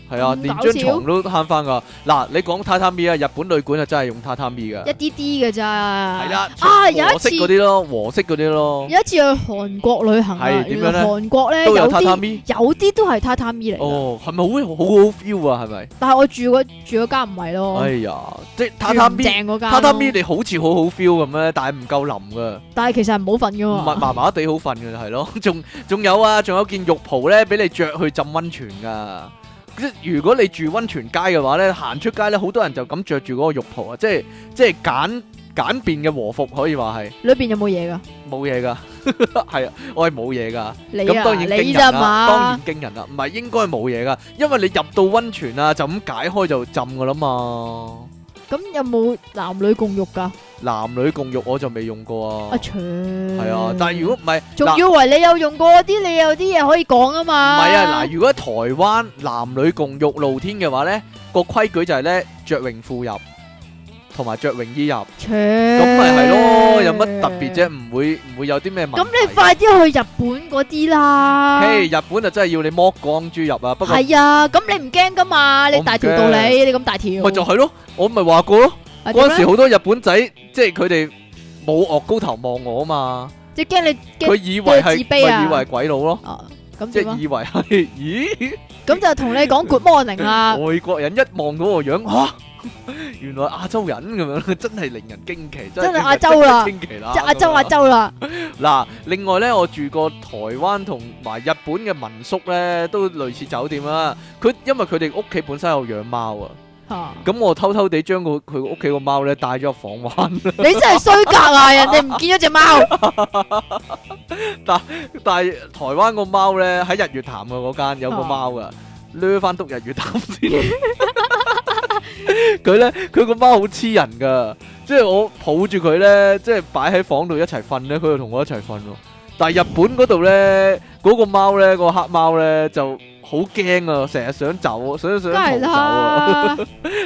Speaker 1: 係啊，連張床都慳翻噶。嗱，你講榻榻米啊，日本旅館啊，真係用榻榻米噶。一
Speaker 2: 啲啲噶咋。係啦。啊，有一次嗰啲
Speaker 1: 咯，和式嗰啲咯。有
Speaker 2: 一次去韓國旅行啊，點樣咧？韓國咧都有榻榻米，
Speaker 1: 有啲都係榻榻米嚟。哦，係咪好好好 feel 啊？係咪？
Speaker 2: 但係我住個住間唔係咯。哎呀，即係榻榻米，正嗰間。榻榻米
Speaker 1: 你好似好好 feel 咁咧，但係唔夠腍噶。
Speaker 2: 但係其實唔好瞓噶，麻
Speaker 1: 麻麻地好瞓噶，係咯。仲仲有啊，仲有件浴袍咧，俾你着去浸温泉噶。如果你住溫泉街嘅話咧，行出街咧，好多人就咁着住嗰個浴袍啊，即係即係簡簡便嘅和服可以話係。
Speaker 2: 裏邊有冇嘢噶？
Speaker 1: 冇嘢噶，係 啊，我係冇嘢噶。你啊，你啊嘛，當然驚人，當然驚人啦，唔係應該冇嘢噶，因為你入到溫泉啊，就咁解開就浸噶啦嘛。
Speaker 2: 咁有冇男女共浴噶？
Speaker 1: 男女共浴我就未用過啊。
Speaker 2: 啊，係啊，
Speaker 1: 但係如果唔係，仲以為啦
Speaker 2: 你有用過啲，你有啲嘢可以講啊嘛。唔係啊，嗱，
Speaker 1: 如果台灣男女共浴露天嘅話咧，個規矩就係咧着泳褲入。同埋着泳衣入，
Speaker 2: 咁咪係咯，有
Speaker 1: 乜特別啫？唔會唔會有啲咩問題？咁你
Speaker 2: 快啲去日本嗰啲啦！嘿，
Speaker 1: 日本就真係要你剝光豬入啊！不過係啊，
Speaker 2: 咁你唔驚噶嘛？你大條道理，你咁大條，咪就係咯，
Speaker 1: 我咪話過咯，嗰陣時好多日本仔，即係佢哋冇惡高頭望我啊嘛！
Speaker 2: 即係驚你，佢以為係自卑啊，以為鬼佬咯，即係以
Speaker 1: 為係咦？
Speaker 2: 咁就同你講 Good morning 啦！
Speaker 1: 外國人一望到我樣嚇～原來亞洲人咁樣，真係令人驚奇，真係亞洲啦，即係亞洲亞洲啦。嗱，另外咧，我住過台灣同埋日本嘅民宿咧，都類似酒店啦。佢因為佢哋屋企本身有養貓啊，咁我偷偷地將個佢屋企個貓咧帶咗入房玩。你真係
Speaker 2: 衰格啊！人哋唔見咗隻貓，
Speaker 1: 但但係台灣個貓咧喺日月潭嘅嗰間有個貓噶，孭翻督日月潭先。佢咧，佢個貓好黐人噶，即係我抱住佢咧，即係擺喺房度一齊瞓咧，佢就同我一齊瞓。但係日本嗰度咧，嗰個貓咧，嗰個黑貓咧就。好驚啊！成日想走，想想逃走啊！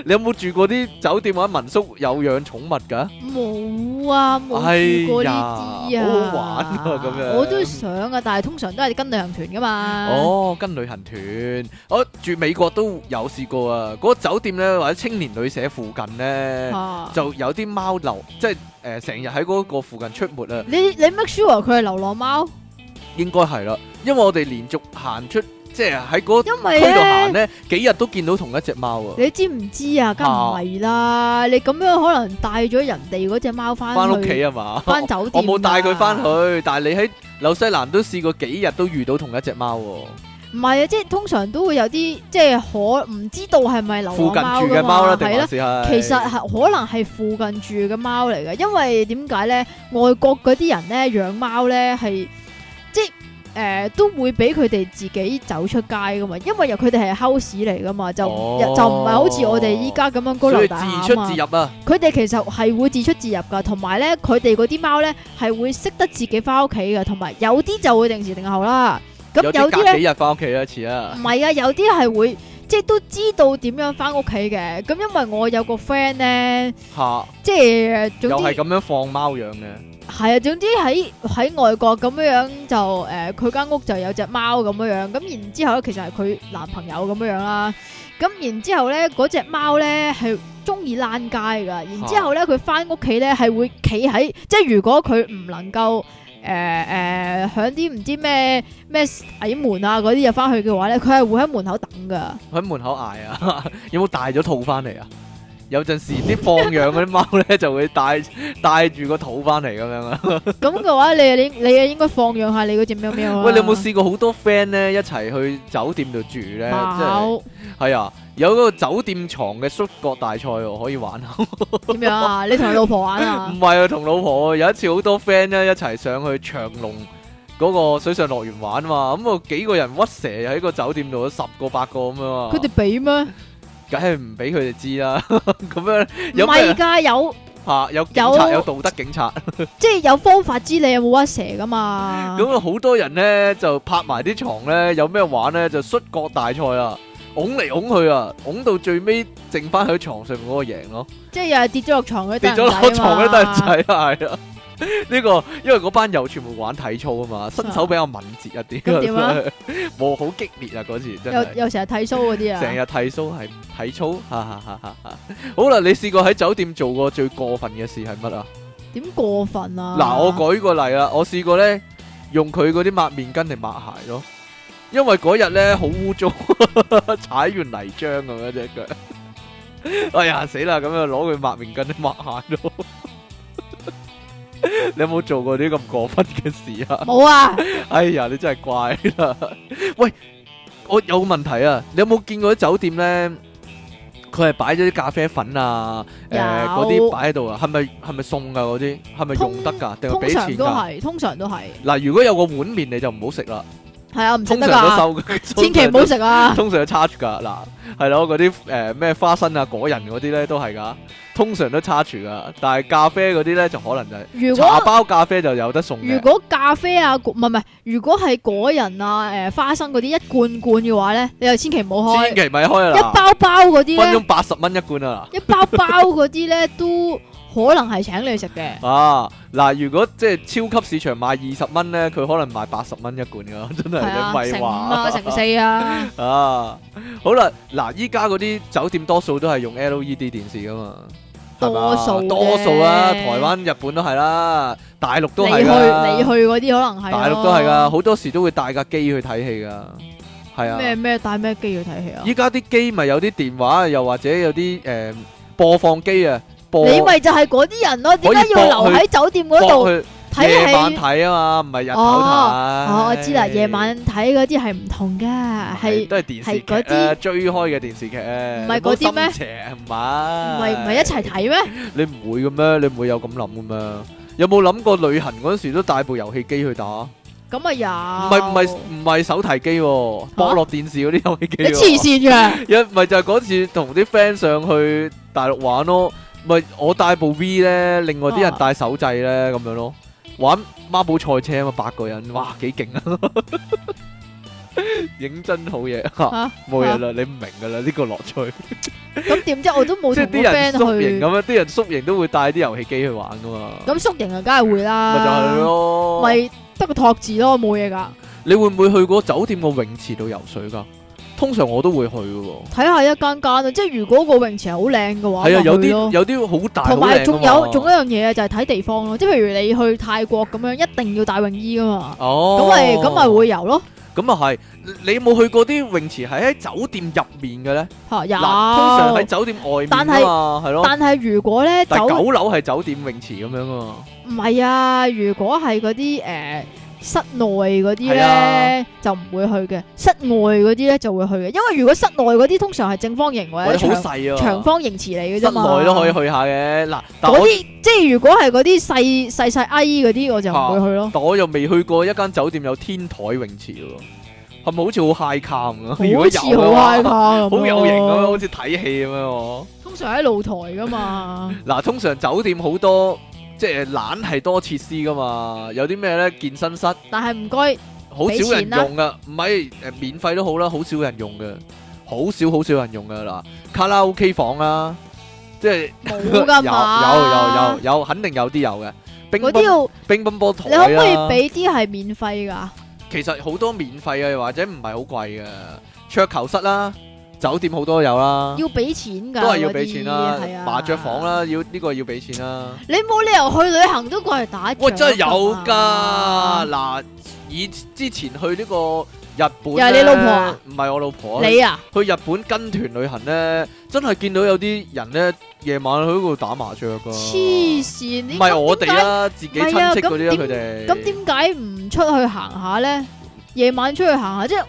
Speaker 1: 你有冇住過啲酒店或者民宿有養寵物噶？
Speaker 2: 冇啊，冇住過呢啲啊！好
Speaker 1: 玩啊，咁樣我都
Speaker 2: 想啊，但係通常都係跟旅行團噶嘛。哦，
Speaker 1: 跟旅行團，我住美國都有試過啊！嗰個酒店咧或者青年旅社附近咧，就有啲貓流，即係誒成日喺嗰個附近出沒啊！
Speaker 2: 你你 make sure 佢係流浪貓？
Speaker 1: 應該係啦，因為我哋連續行出。即係喺嗰區度行咧，呢幾日都見到同一隻貓啊！你
Speaker 2: 知唔知啊？梗唔係啦，啊、你咁樣可能帶咗人哋嗰隻貓翻翻屋企啊
Speaker 1: 嘛？翻酒店我，我冇帶佢翻去， 但係你喺紐西蘭都試過幾日都遇到同一隻貓。唔
Speaker 2: 係啊，即係通常都會有啲即係可唔知道係咪附近住嘅貓咧、啊？係啦、啊，其實係可能係附近住嘅貓嚟嘅，因為點解咧？外國嗰啲人咧養貓咧係。誒、呃，都會俾佢哋自己走出街噶嘛，因為由佢哋係摳屎嚟噶嘛，就、哦、就唔係好似我哋依家咁樣高樓大廈啊嘛。佢哋其實係會自出自入噶同埋咧，佢哋嗰啲貓咧係會識得自己翻屋企噶同埋有啲就會定時定候啦。咁有啲隔幾日
Speaker 1: 翻屋企一次啊。
Speaker 2: 唔係啊，有啲係會即係都知道點樣翻屋企嘅。咁因為我有個 friend 咧吓，哈 即係總之又係
Speaker 1: 咁樣放貓養嘅。
Speaker 2: 係啊，總之喺喺外國咁樣樣就誒，佢、呃、間屋就有隻貓咁樣樣，咁然之後咧，其實係佢男朋友咁樣樣啦。咁然之後咧，嗰隻貓咧係中意爛街噶。然之後咧，佢翻屋企咧係會企喺，啊、即係如果佢唔能夠誒誒響啲唔知咩咩矮門啊嗰啲入翻去嘅話咧，佢係會喺門口等噶。
Speaker 1: 喺門口捱啊！ 有冇大咗肚翻嚟啊？有陣時啲放養嗰啲貓咧，就會帶 帶住個肚翻嚟咁樣
Speaker 2: 啊！咁嘅話，你你你啊，應該放養下你嗰隻喵喵啊！喂，你有冇
Speaker 1: 試過好多 friend 咧一齊去酒店度住咧？冇貓。係啊，有嗰個酒店床嘅摔角大賽喎，可以玩下。點
Speaker 2: 樣啊？ 你同你老婆玩
Speaker 1: 啊？唔係啊，同老婆有一次好多 friend 咧一齊上去長隆嗰個水上樂園玩嘛。咁、嗯、啊幾個人屈蛇喺個酒店度，十個八個咁樣，啊。佢哋畀咩？梗係唔俾佢哋知啦，咁樣有咪而家有吓有警察有道德警察，即
Speaker 2: 係有方法知你有冇屈蛇噶嘛。
Speaker 1: 咁啊，好多人咧就拍埋啲床咧，有咩玩咧就摔角大賽啊，拱嚟拱去啊，拱到最尾剩翻喺床上面嗰個贏咯。
Speaker 2: 即係又係跌咗落床嗰跌咗落床嗰啲都仔
Speaker 1: 係啊。呢個因為嗰班友全部玩體操啊嘛，身手比較敏捷一啲。咁點啊？冇好激烈啊！嗰次真係。有有時係
Speaker 2: 體操嗰啲啊。成
Speaker 1: 日體操係體操。哈哈哈！好啦，你試過喺酒店做過最過分嘅事係乜啊？
Speaker 2: 點過分啊？嗱，我
Speaker 1: 舉個例啦，我試過咧用佢嗰啲抹面巾嚟抹鞋咯，因為嗰日咧好污糟，踩完泥漿啊，咁樣隻腳。哎呀，死啦！咁樣攞佢抹面巾抹鞋咯。 你有冇做過啲咁過分嘅事啊？冇有啊！ 哎呀，你真係怪啦！ 喂，我有個問題啊！你有冇見過啲酒店咧？佢係擺咗啲咖啡粉啊，誒，嗰啲擺喺度啊？係咪係咪送噶嗰啲？係咪用得噶？定係俾錢噶？通常
Speaker 2: 都係，通常都係。
Speaker 1: 嗱、啊，如果有個碗麵，你就唔好食啦。
Speaker 2: 係啊，唔識得噶，千祈唔好食啊。通
Speaker 1: 常都差 a r 噶，嗱係咯，嗰啲誒咩花生啊、果仁嗰啲咧都係噶，通常都差 h a 噶。但係咖啡嗰啲咧就可能就是，如果茶包咖啡就有得送。如
Speaker 2: 果咖啡啊，唔係唔係，如果係果仁啊，誒、呃、花生嗰啲一罐罐嘅話咧，你又千祈唔好開。千祈咪開啦。一包包嗰啲，分鐘
Speaker 1: 八十蚊一罐啊。
Speaker 2: 一包包嗰啲咧都。可能係請你去
Speaker 1: 食嘅啊！嗱、啊，如果即係超級市場賣二十蚊咧，佢可能賣八十蚊一罐噶，真係你廢話啊！說成五啊，成四啊！啊，好啦，嗱、啊，依家嗰啲酒店多數都係用 LED 電視噶嘛多，多數多數啊，台灣、日本都係啦，大陸都係。你去你去
Speaker 2: 嗰啲可能係大陸都係啊！
Speaker 1: 好多時都會帶架機去睇戲噶，係啊。咩
Speaker 2: 咩帶咩機去睇戲啊？
Speaker 1: 依家啲機咪有啲電話，又或者有啲誒、呃、播放機啊。你咪
Speaker 2: 就係嗰啲人咯，點解要留喺酒店嗰度
Speaker 1: 睇戲？係夜晚睇啊嘛，唔係日頭睇。哦，我知啦，夜
Speaker 2: 晚睇嗰啲係唔同嘅，係都係電視劇，
Speaker 1: 追開嘅電視劇。唔係嗰啲咩？唔係唔係一齊睇咩？你唔會咁咩？你唔會有咁諗噶咩？有冇諗過旅行嗰陣時都帶部遊戲機去打？
Speaker 2: 咁咪有。唔係
Speaker 1: 唔係唔係手提機，駁落電視嗰啲遊戲機。你黐線噶！一咪就係嗰次同啲 friend 上去大陸玩咯。咪我帶部 V 咧，另外啲人帶手掣咧，咁樣咯，玩孖寶賽車啊嘛，八個人，哇，幾勁啊！認真好嘢，冇嘢啦，你唔明噶啦，呢個樂趣。咁
Speaker 2: 點知我都冇啲 friend 去縮形
Speaker 1: 咁樣，啲人縮形都會帶啲遊戲機去玩噶嘛。
Speaker 2: 咁縮形啊，梗係會啦。咪就係咯，咪得個托字咯，冇嘢噶。
Speaker 1: 你會唔會去過酒店個泳池度游水噶？通常我都會去嘅喎，
Speaker 2: 睇下一間間啊，即係如果個泳池好靚嘅話，係啊的去，有啲
Speaker 1: 有啲好大，同埋仲有仲
Speaker 2: 一樣嘢就係睇地方咯，即係譬如你去泰國咁樣，一定要帶泳衣㗎嘛，哦，
Speaker 1: 咁咪咁咪會遊咯。咁啊係，你冇去過啲泳池係喺酒店入面嘅咧？
Speaker 2: 嚇、啊、有，通常喺
Speaker 1: 酒店外面。面是。的但係係咯，但
Speaker 2: 係如果咧，酒
Speaker 1: 樓係酒店泳池咁樣啊？
Speaker 2: 唔係啊，如果係嗰啲誒。呃室內嗰啲咧就唔會去嘅，室外嗰啲咧就會去嘅。因為如果室內嗰啲通常係正方形或者好細啊長，長方形池嚟嘅啫，室內都可以去
Speaker 1: 下嘅嗱。嗰啲些但我 即
Speaker 2: 係如果係嗰啲細細細 I 嗰啲，我就唔會去咯。啊、
Speaker 1: 但我又未去過一間酒店有天台泳池喎，係咪好似、啊、好 high cam、啊、 好似、啊、 好 high 好有型咁樣、啊，好似睇戲咁樣哦。
Speaker 2: 通常喺露台噶嘛。
Speaker 1: 嗱 通常酒店好多。即係懶係多設施噶嘛，有啲咩咧？健身室，但係唔該，好少人用噶，唔係誒免費都好啦，好少人用嘅，好少好少人用嘅啦，卡拉 OK 房啦，即係有 有有有有，有肯定有啲有嘅，乒乓乒乓台啦，你可唔可以俾
Speaker 2: 啲係免費噶？
Speaker 1: 其實好多免費啊，或者唔係好貴嘅，桌球室啦。酒店好多有啦，要
Speaker 2: 俾錢噶，都係要俾錢啦，係啊，麻
Speaker 1: 雀房啦，要呢個要俾錢啦。
Speaker 2: 你冇理由去旅行都過嚟打。喂，真係有噶，
Speaker 1: 嗱，以之前去呢個日本，又係你老婆。唔係我老婆，你啊。去日本跟團旅行咧，真係見到有啲人咧，夜晚去嗰度打麻雀噶。黐
Speaker 2: 綫，唔係我哋啦，自己親戚嗰啲啊，佢哋咁點解唔出去行下咧？夜晚出去行下即係，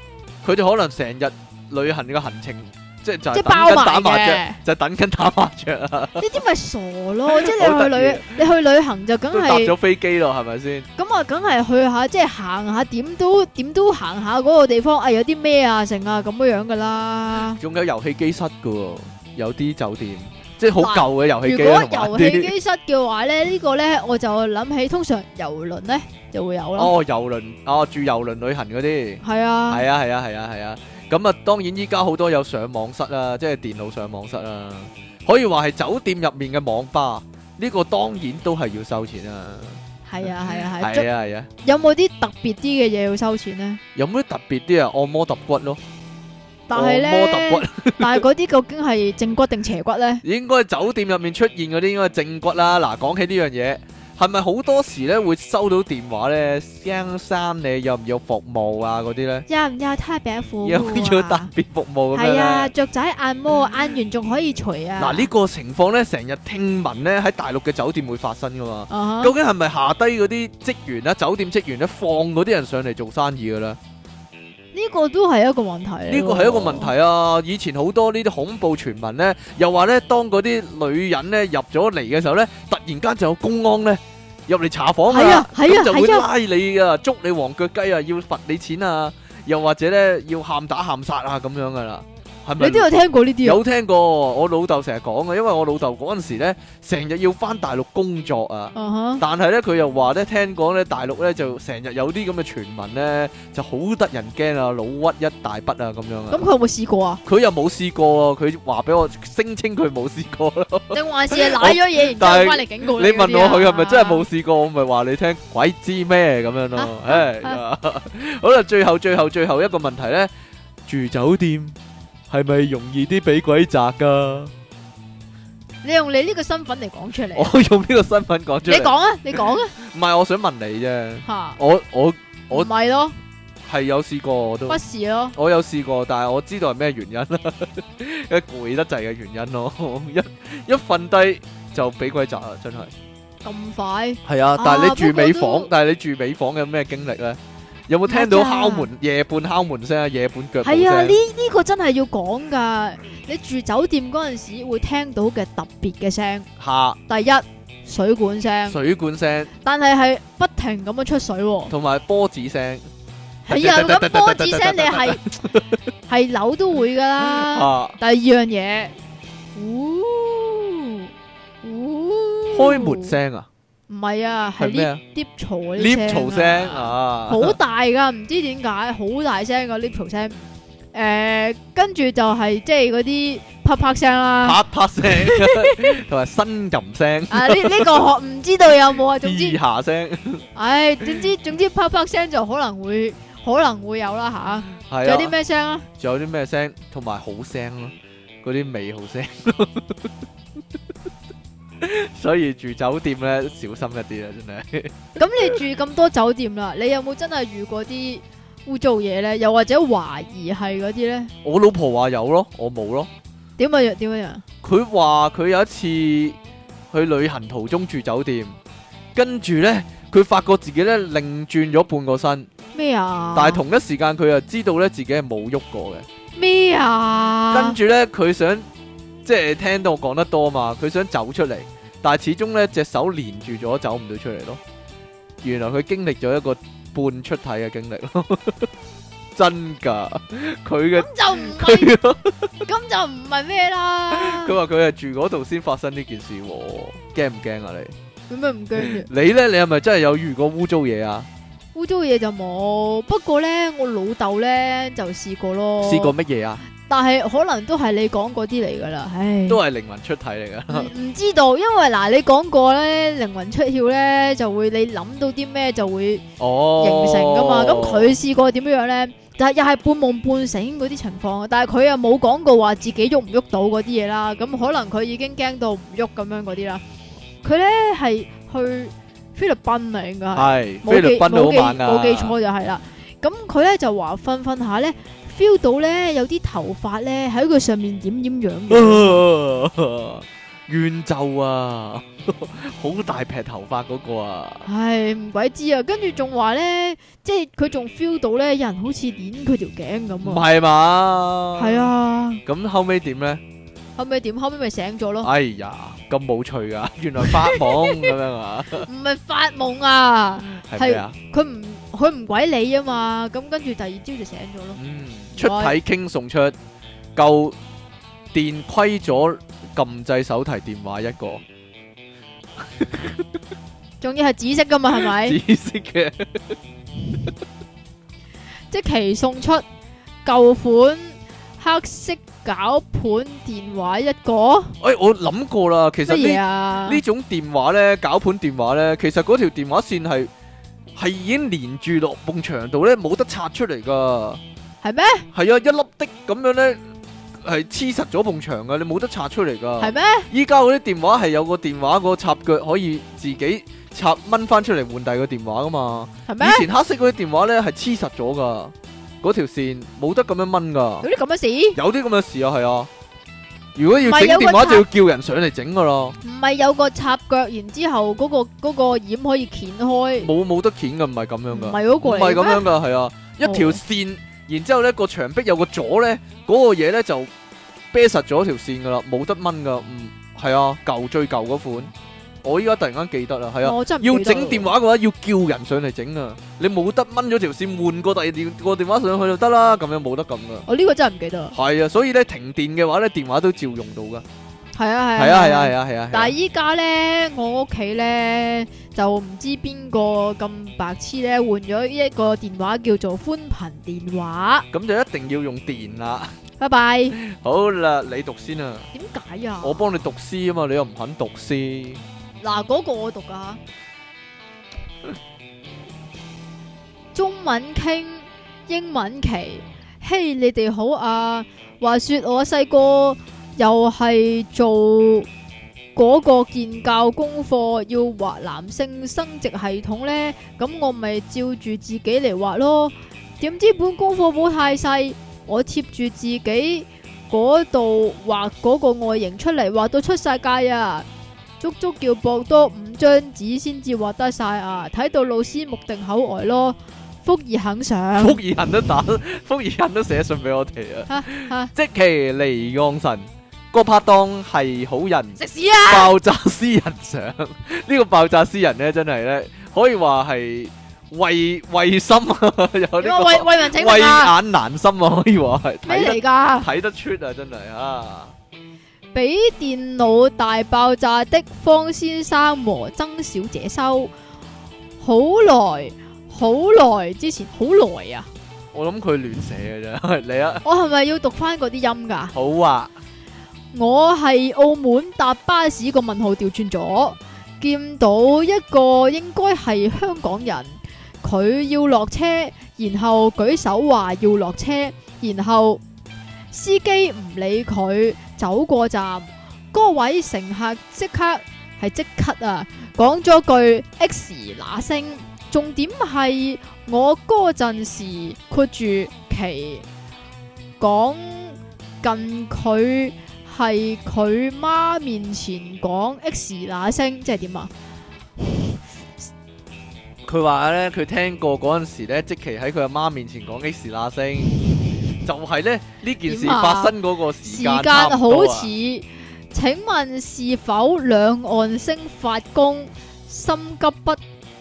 Speaker 1: 佢哋可能成日。旅行呢個行程，即係就等緊包打麻雀，就等緊打麻雀啊！呢
Speaker 2: 啲咪傻咯，即係你去旅，你去旅行就梗係搭咗
Speaker 1: 飛機咯，係咪先？
Speaker 2: 咁啊，梗係去下，即係行下，點都點都行下嗰個地方，哎，有啲咩啊，成啊咁樣樣噶啦。
Speaker 1: 仲有遊戲機室噶，有啲酒店，即係好舊嘅遊戲機。如果遊戲機
Speaker 2: 室嘅話咧，呢個咧我就諗起，通常遊輪咧就會有咯。哦，
Speaker 1: 遊輪，哦住遊輪旅行嗰啲，係啊，係啊，係啊，係啊。咁啊，當然依家好多有上網室啊，即係電腦上網室啊，可以話係酒店入面嘅網吧，呢個當然都係要收錢啊。
Speaker 2: 係啊，係啊，係。係
Speaker 1: 啊係啊。
Speaker 2: 有冇啲特別啲嘅嘢要收錢呢？
Speaker 1: 有冇啲特別啲啊？按摩揼骨咯。
Speaker 2: 但係呢，按摩揼骨？但係嗰啲究竟係正骨定邪骨呢？
Speaker 1: 應該酒店入面出現嗰啲應該正骨啦。嗱，講起呢樣嘢。係咪好多時咧會收到電話咧，驚生你有唔有服務啊嗰啲咧？呢
Speaker 2: 有唔有特別服務，啊、有唔有
Speaker 1: 特別服務咁，係啊，
Speaker 2: 雀、啊、仔按摩，嗯、按摩完仲可以除啊！嗱，呢、
Speaker 1: 呢個情況咧，成日聽聞咧喺大陸嘅酒店會發生噶嘛？Uh huh. 究竟係咪下低嗰啲職員啊？酒店職員咧放嗰啲人上嚟做生意噶咧？
Speaker 2: 呢個都係一個問
Speaker 1: 題。呢個係一個問題啊！以前好多呢啲恐怖傳聞呢，又話呢，當嗰啲女人呢入咗嚟嘅時候呢，突然間就有公安呢入嚟查房，咁、啊啊、就會拉你啊，啊捉你黃腳雞啊，要罰你錢啊，又或者呢，要喊打喊殺啊咁樣噶啦。係咪你都有聽過呢啲啊？有聽過，我老豆成日講嘅，因為我老豆嗰陣時咧，成日要翻大陸工作啊。但係咧，佢又話咧，聽講咧，大陸咧就成日有啲咁嘅傳聞咧，就好得人驚啊，老屈一大筆啊，咁樣啊。咁佢有
Speaker 2: 冇試過啊？
Speaker 1: 佢又冇試過，佢話俾我聲稱佢冇試過咯。定
Speaker 2: 話係你攞咗嘢，然之後翻嚟警告你。你問我佢係咪真係冇
Speaker 1: 試過，我咪話你聽，鬼知咩咁樣咯？誒，好啦，最後最後最後一個問題咧，住酒店。係咪容易啲俾鬼壓噶？
Speaker 2: 你用你呢個身份嚟講出嚟。
Speaker 1: 我用呢個身份講出嚟。你講啊，你講啊。唔係，我想問你啫。吓，我我我唔係咯，係有試過我都。不是咯，我有試過，但係我知道係咩原因啦，一攰得滯嘅原因咯。一一瞓低就俾鬼壓啦，真係。
Speaker 2: 咁快？係啊，但係你住尾房，
Speaker 1: 但係你住尾房有咩經歷咧？有冇聽到敲門夜半敲門聲啊？夜半腳步聲。係啊，呢呢、
Speaker 2: 這個真係要講噶。你住酒店嗰陣時會聽到嘅特別嘅聲。吓哈。第一，水管聲。
Speaker 1: 水管聲。
Speaker 2: 但係係不停咁樣出水，啊。
Speaker 1: 同埋波子聲。
Speaker 2: 係啊，如果波子聲你係係樓都會噶啦。哈第二樣嘢，嗚嗚，開門聲啊！唔係啊，係啲啲嘈啲
Speaker 1: 聲啊，好、啊、
Speaker 2: 大噶，唔知點解好大聲個啲嘈聲。誒，跟住就係即係嗰啲啪啪聲啦，啪啪聲
Speaker 1: 同埋呻吟聲。啊，呢呢個唔、這個、
Speaker 2: 知道有冇啊。總之下聲。唉、哎，總之總之啪啪聲就可能會可能會有啦吓。係。有啲咩聲啊？
Speaker 1: 仲、啊、有啲咩聲？同埋好聲啦、啊，嗰啲美好聲。 所以住酒店咧，小心一啲啦，真係。
Speaker 2: 咁你住咁多酒店啦，你有冇真係遇過啲污糟嘢？呢？又或者懷疑係嗰啲呢？
Speaker 1: 我老婆話有咯，我冇咯。
Speaker 2: 點樣？點樣？
Speaker 1: 佢話佢有一次去旅行途中住酒店，跟住呢，佢發覺自己呢，擰轉咗半個身。
Speaker 2: 咩啊？但係
Speaker 1: 同一時間，佢又知道、啊、呢，自己係冇喐過嘅。
Speaker 2: 咩啊？跟住呢，
Speaker 1: 佢想即係聽到我講得多嘛，佢想走出嚟。但係始終咧隻手連住咗走唔到出嚟咯，原來佢經歷咗一個半出體嘅經歷咯， 真噶。佢嘅，咁就唔係，咁
Speaker 2: 就唔係咩啦。
Speaker 1: 佢話佢係住嗰度先發生呢件事，驚唔驚啊你？有
Speaker 2: 咩唔驚？
Speaker 1: 你咧你係咪真係有遇過污糟嘢？啊，
Speaker 2: 污糟嘢就冇，不過咧我老豆咧就試過咯，試過乜嘢啊？但係可能都係你講嗰啲嚟噶啦，
Speaker 1: 唉，都係靈魂出體嚟噶、嗯。唔
Speaker 2: 知道，因為嗱你講過咧，靈魂出竅咧就會你諗到啲咩就會
Speaker 1: 形成噶嘛。咁佢
Speaker 2: 試過點樣樣咧、就係？但係又係半夢半醒嗰啲情況。但係佢又冇講過話自己喐唔喐到嗰啲嘢啦。咁可能佢已經驚到唔喐咁樣嗰啲啦。佢咧係去菲律賓啊，應該係菲律賓都好猛噶，冇記錯就係啦。咁佢咧就話瞓瞓下咧。feel 到咧有啲頭髮咧喺佢上面點點樣嘅，
Speaker 1: 冤咒啊，好大撇頭髮嗰個啊，
Speaker 2: 係唔鬼知啊，跟住仲話咧，即係佢仲 feel 到咧，有人好似捏佢條頸咁啊，唔係
Speaker 1: 嘛，係啊，咁後尾點咧？
Speaker 2: 後尾點？後尾咪醒咗咯。
Speaker 1: 哎呀，咁冇趣啊，原來發夢咁樣啊？
Speaker 2: 唔係發夢啊，係佢唔佢唔鬼理啊嘛，咁跟住第二朝就醒咗咯。出體
Speaker 1: King 送出舊電虧咗撳掣手提電話一個，
Speaker 2: 仲要係紫色噶嘛，係咪？紫色嘅，即係其送出舊款黑色攪盤電話一個。
Speaker 1: 哎，我諗過啦，其實呢呢種電話咧，攪盤電話咧，其實嗰條電話線係係已經連住落埲牆度咧，冇得拆出嚟噶。係咩？係啊，一粒的咁樣咧，係黐實咗埲牆噶，你冇得拆出嚟噶。係咩？依家嗰啲電話係有個電話個插腳可以自己插掹翻出嚟換第二個電話噶嘛。係咩？以前黑色嗰啲電話咧係黐實咗噶，嗰條線冇得咁樣掹噶。有
Speaker 2: 啲咁嘅事？
Speaker 1: 有啲咁嘅事啊，係啊。如果要整電話就要叫人上嚟整噶咯。
Speaker 2: 唔係有個插腳，插腳然之後嗰個、嗰個、嗰個掩、嗰個、可以掀開。
Speaker 1: 冇冇得鉗噶，唔係咁樣噶。唔係嗰個唔係咁樣噶，係啊，一條線。Oh. 然之後咧個牆壁有個阻咧，嗰個嘢咧就啤實咗條綫噶啦，冇得掹噶。嗯，係啊，舊最舊嗰款，我依家突然間記得啦，係啊。要整電話嘅話，要叫人上嚟整啊。你冇得掹咗條綫，換個第二個電話上去就得啦。咁樣冇得咁噶。我
Speaker 2: 呢個真係唔記得。
Speaker 1: 係啊，所以咧停電嘅話咧，電話都照用到噶。
Speaker 2: 係啊係，啊係，啊係，啊係啊！啊啊
Speaker 1: 啊啊啊啊，但係依
Speaker 2: 家咧，我屋企咧就唔知邊個咁白痴咧，換咗一個電話叫做寬頻電話。
Speaker 1: 咁就一定要用電啦。
Speaker 2: 拜拜。
Speaker 1: 好啦，你讀先啊。點解啊？我幫你讀詩啊嘛，你又唔肯讀詩。
Speaker 2: 嗱、啊，嗰、那個我讀噶。 中文傾，英文棋。嘿、hey，你哋好啊！話說我細個。又係做嗰個建教功課，要畫男性生殖系統呢。咁我咪照住自己嚟畫咯。點知本功課簿太細，我貼住自己嗰度畫嗰個外形出嚟，畫到出晒界啊！足足叫薄多五張紙先至畫得晒啊！睇到老師目定口呆咯，福爾肯上，福
Speaker 1: 爾肯都打， 福爾肯都寫信俾我哋啊！積淇離岸神。個拍檔係好人，食屎啊！爆炸詩人上呢 個爆炸詩人咧，真係咧，可以話係為為心啊， 有呢、這個為為民請命啊，為眼難心啊，可以話係咩嚟噶？睇得，得出啊，真係啊！
Speaker 2: 俾電腦大爆炸的方先生和曾小姐收好耐好耐之前好耐啊！
Speaker 1: 我諗佢亂寫嘅啫，你
Speaker 2: 啊！我係咪要讀翻嗰啲音噶？好啊！我係澳門搭巴士，個問號調轉咗，見到一個應該係香港人，佢要落車，然後舉手話要落車，然後司機唔理佢，走過站，嗰位乘客即刻係即刻啊，講咗句 X 那聲，重點係我嗰陣時括住其講近佢。係佢媽面前講 X 嗱聲，即係點啊？
Speaker 1: 佢話咧，佢聽過嗰陣時咧，即期喺佢阿媽面前講 X 嗱聲， 就係咧呢件事發生嗰個時間，啊、好似，
Speaker 2: 請問是否兩岸升發功？心急不？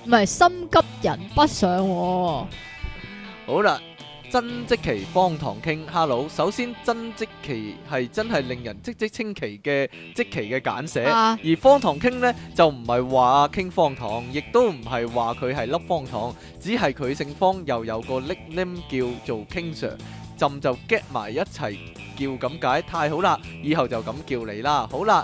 Speaker 2: 唔係心急人不上，啊。
Speaker 1: 好啦。真即奇，方糖傾，Hello。首先，真即奇係真係令人即即稱奇嘅即奇嘅簡寫，啊、而方糖傾呢就唔係話傾方糖，亦都唔係話佢係粒方糖，只係佢姓方，又有個 nick name 叫做傾 Sir，朕就 get 埋一齊叫咁解，太好啦！以後就咁叫你啦，好啦。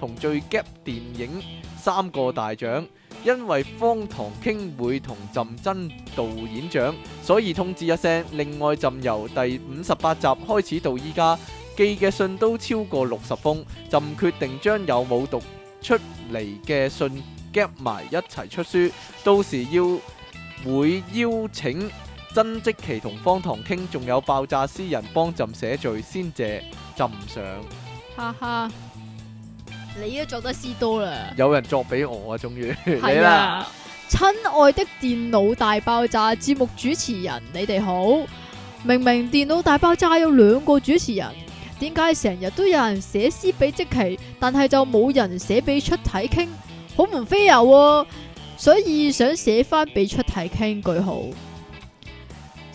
Speaker 1: 同最 gap 電影三個大獎，因為方唐傾會同朕爭導演獎，所以通知一聲。另外朕由第五十八集開始到依家寄嘅信都超過六十封，朕決定將有冇讀出嚟嘅信夾埋一齊出書。到時要會邀請曾積淇同方唐傾，仲有爆炸詩人幫朕寫序先謝朕上。
Speaker 2: 哈哈。你都作得詩多啦，
Speaker 1: 有人作俾我啊！終於係啦，
Speaker 2: 親、 啊、愛的電腦大爆炸節目主持人，你哋好。明明電腦大爆炸有兩個主持人，點解成日都有人寫詩俾積淇，但係就冇人寫俾出體 King，好門飛油啊！所以想寫翻俾出體 King 句號。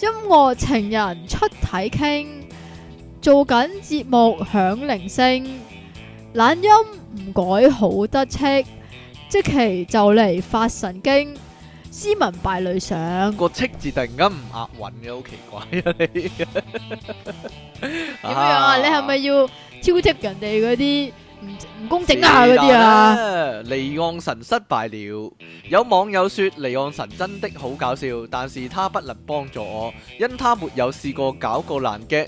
Speaker 2: 音樂情人出體 King，做緊節目響鈴聲。懶音唔改好得戚，即期就嚟發神經，斯文敗類上。
Speaker 1: 個戚字突然間唔押韻嘅，好奇怪啊！你點樣啊？你係咪
Speaker 2: 要挑剔人哋嗰啲唔唔公正啊嗰啲啊？
Speaker 1: 離岸神失敗了，有網友說離岸神真的好搞笑，但是他不能幫助我，因他沒有試過搞個難嘅。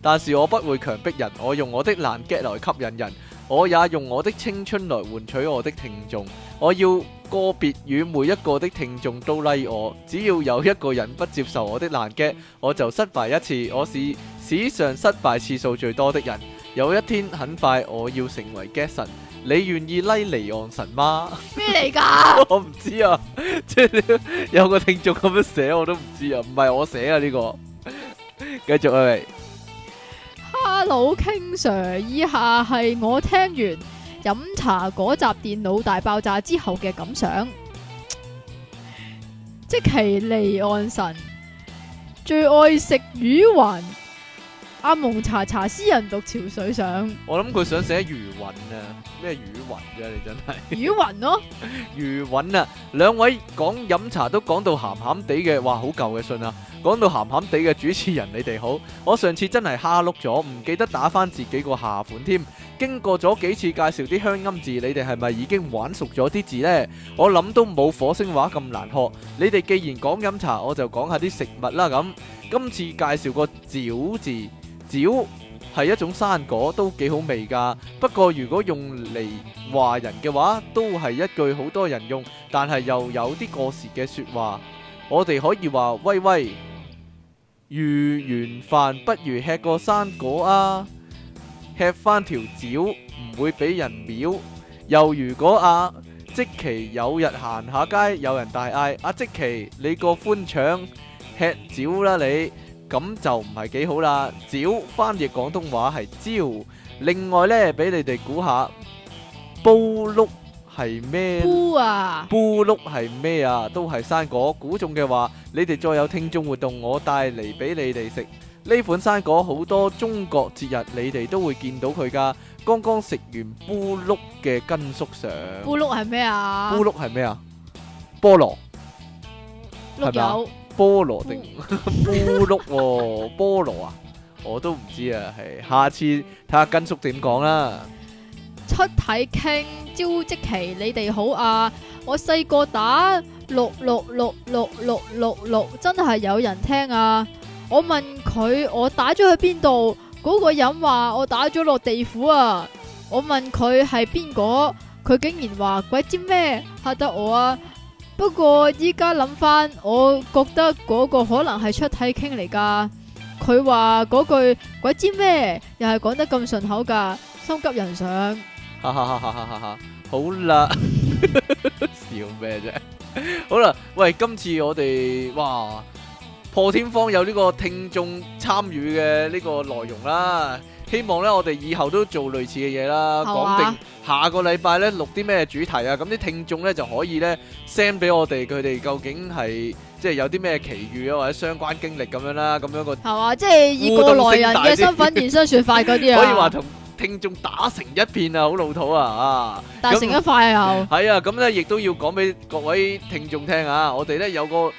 Speaker 1: 但是我不會強迫人，我用我的爛 gag 來吸引人，我也用我的青春來換取我的聽眾。我要個別與每一個的聽眾都 like 我，只要有一個人不接受我的爛 gag，我就失敗一次。我是史上失敗次數最多的人。有一天，很快我要成為 gag 神，你願意 like 離岸神嗎？
Speaker 2: 咩嚟噶？
Speaker 1: 我唔知啊，即 係有個聽眾咁樣寫我都唔知啊，唔係我寫啊呢個 繼續係咪，繼續係
Speaker 2: 哈佬傾 Sir，以下係我聽完飲茶嗰集電腦大爆炸之後嘅感想，積淇離岸神最愛食魚雲。阿蒙查查詩人讀潮水上，
Speaker 1: 我諗佢想寫魚雲啊，咩魚雲啫，啊，你真係 魚雲咯，魚雲啊，兩位講飲茶都講到鹹鹹地嘅，哇，好舊嘅信啊，講到鹹鹹地嘅主持人，你哋好，我上次真係哈碌咗，唔記得打返自己個下款添，經過咗幾次介紹啲鄉音字，你哋係咪已經玩熟咗啲字呢？我諗都冇火星話咁難學，你哋既然講飲茶，我就講下啲食物啦咁。今次介紹個「蕉」字，蕉係一種生果，都幾好味噶。不過如果用嚟話人嘅話，都係一句好多人用，但係又有啲過時嘅説話。我哋可以話：喂喂，預完飯不如吃個生果啊，吃返條蕉唔會俾人秒。又如果啊，積淇有日行下街，有人大嗌：阿、啊、積淇，你個寬腸。吃蕉啦，你咁就唔係幾好啦，蕉翻譯廣東話係蕉。另外咧，俾你哋估下，菠碌係咩？布啊！菠碌係咩啊？都係生果。估中嘅話，你哋再有聽眾活動，我帶嚟俾你哋食。呢款生果好多中國節日，你哋都會見到佢噶。剛剛食完菠碌嘅根叔上，菠碌
Speaker 2: 係咩啊？菠
Speaker 1: 碌係咩啊？菠蘿係嘛？菠蘿定 菠蘿喎、哦？ 菠蘿啊，我都唔知啊，係下次睇下根叔點講啦。
Speaker 2: 出體 King、積淇，你哋好啊！我細個打六六六六六六六，真係有人聽啊！我問佢我打咗去邊度，嗰、那個人話我打咗落地府啊！我問佢係邊個，佢竟然話鬼知咩，嚇得我啊！不過依家諗翻，我覺得嗰個可能係出體傾嚟噶。佢話嗰句鬼知咩，又係講得咁順口噶，心急人上。
Speaker 1: 哈哈哈！哈哈哈！好啦，笑咩啫？好啦，喂，今次我哋哇破天荒有呢個聽眾參與嘅呢個內容啦。希望咧，我哋以後都做類似嘅嘢啦。講吧定下個禮拜咧，錄啲咩主題啊？咁啲聽眾咧，就可以咧 send 俾我哋，佢哋究竟係即係有啲咩奇遇啊，或者相關經歷咁樣啦，咁樣個係
Speaker 2: 啊，即係以過來人嘅身份現身說法嗰啲啊， 可以話同
Speaker 1: 聽眾打成一片啊，好老土啊啊！打成一塊啊。係那、嗯、啊，咁咧亦都要講俾各位聽眾聽啊！我哋咧有個。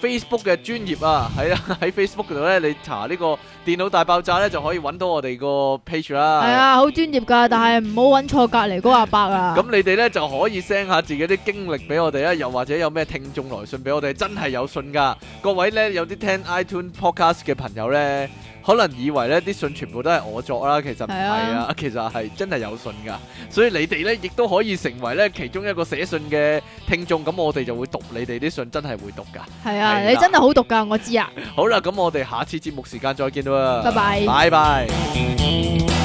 Speaker 1: Facebook 嘅專業啊，喺 喺 Facebook 度咧，你查呢個電腦大爆炸咧、啊， 就可以揾到我哋個 page 啦。係啊，
Speaker 2: 好專業噶，但係唔好揾錯隔離嗰阿伯啊。咁
Speaker 1: 你哋咧就可以 send 下自己啲經歷俾我哋啊，又或者有咩聽眾來信俾我哋，真係有信噶。各位咧，有啲聽 iTunes podcast 嘅朋友咧。可能以為呢啲信全部都係我作啦，其實唔係啊，其實係真係有信噶，所以你哋呢亦都可以成為呢其中一個寫信嘅聽眾，咁我哋就會讀你哋啲信，真係會讀噶。
Speaker 2: 係啊，啊你真係好讀噶，我知啊。
Speaker 1: 好啦，咁我哋下次節目時間再見啦。拜拜 bye，拜拜。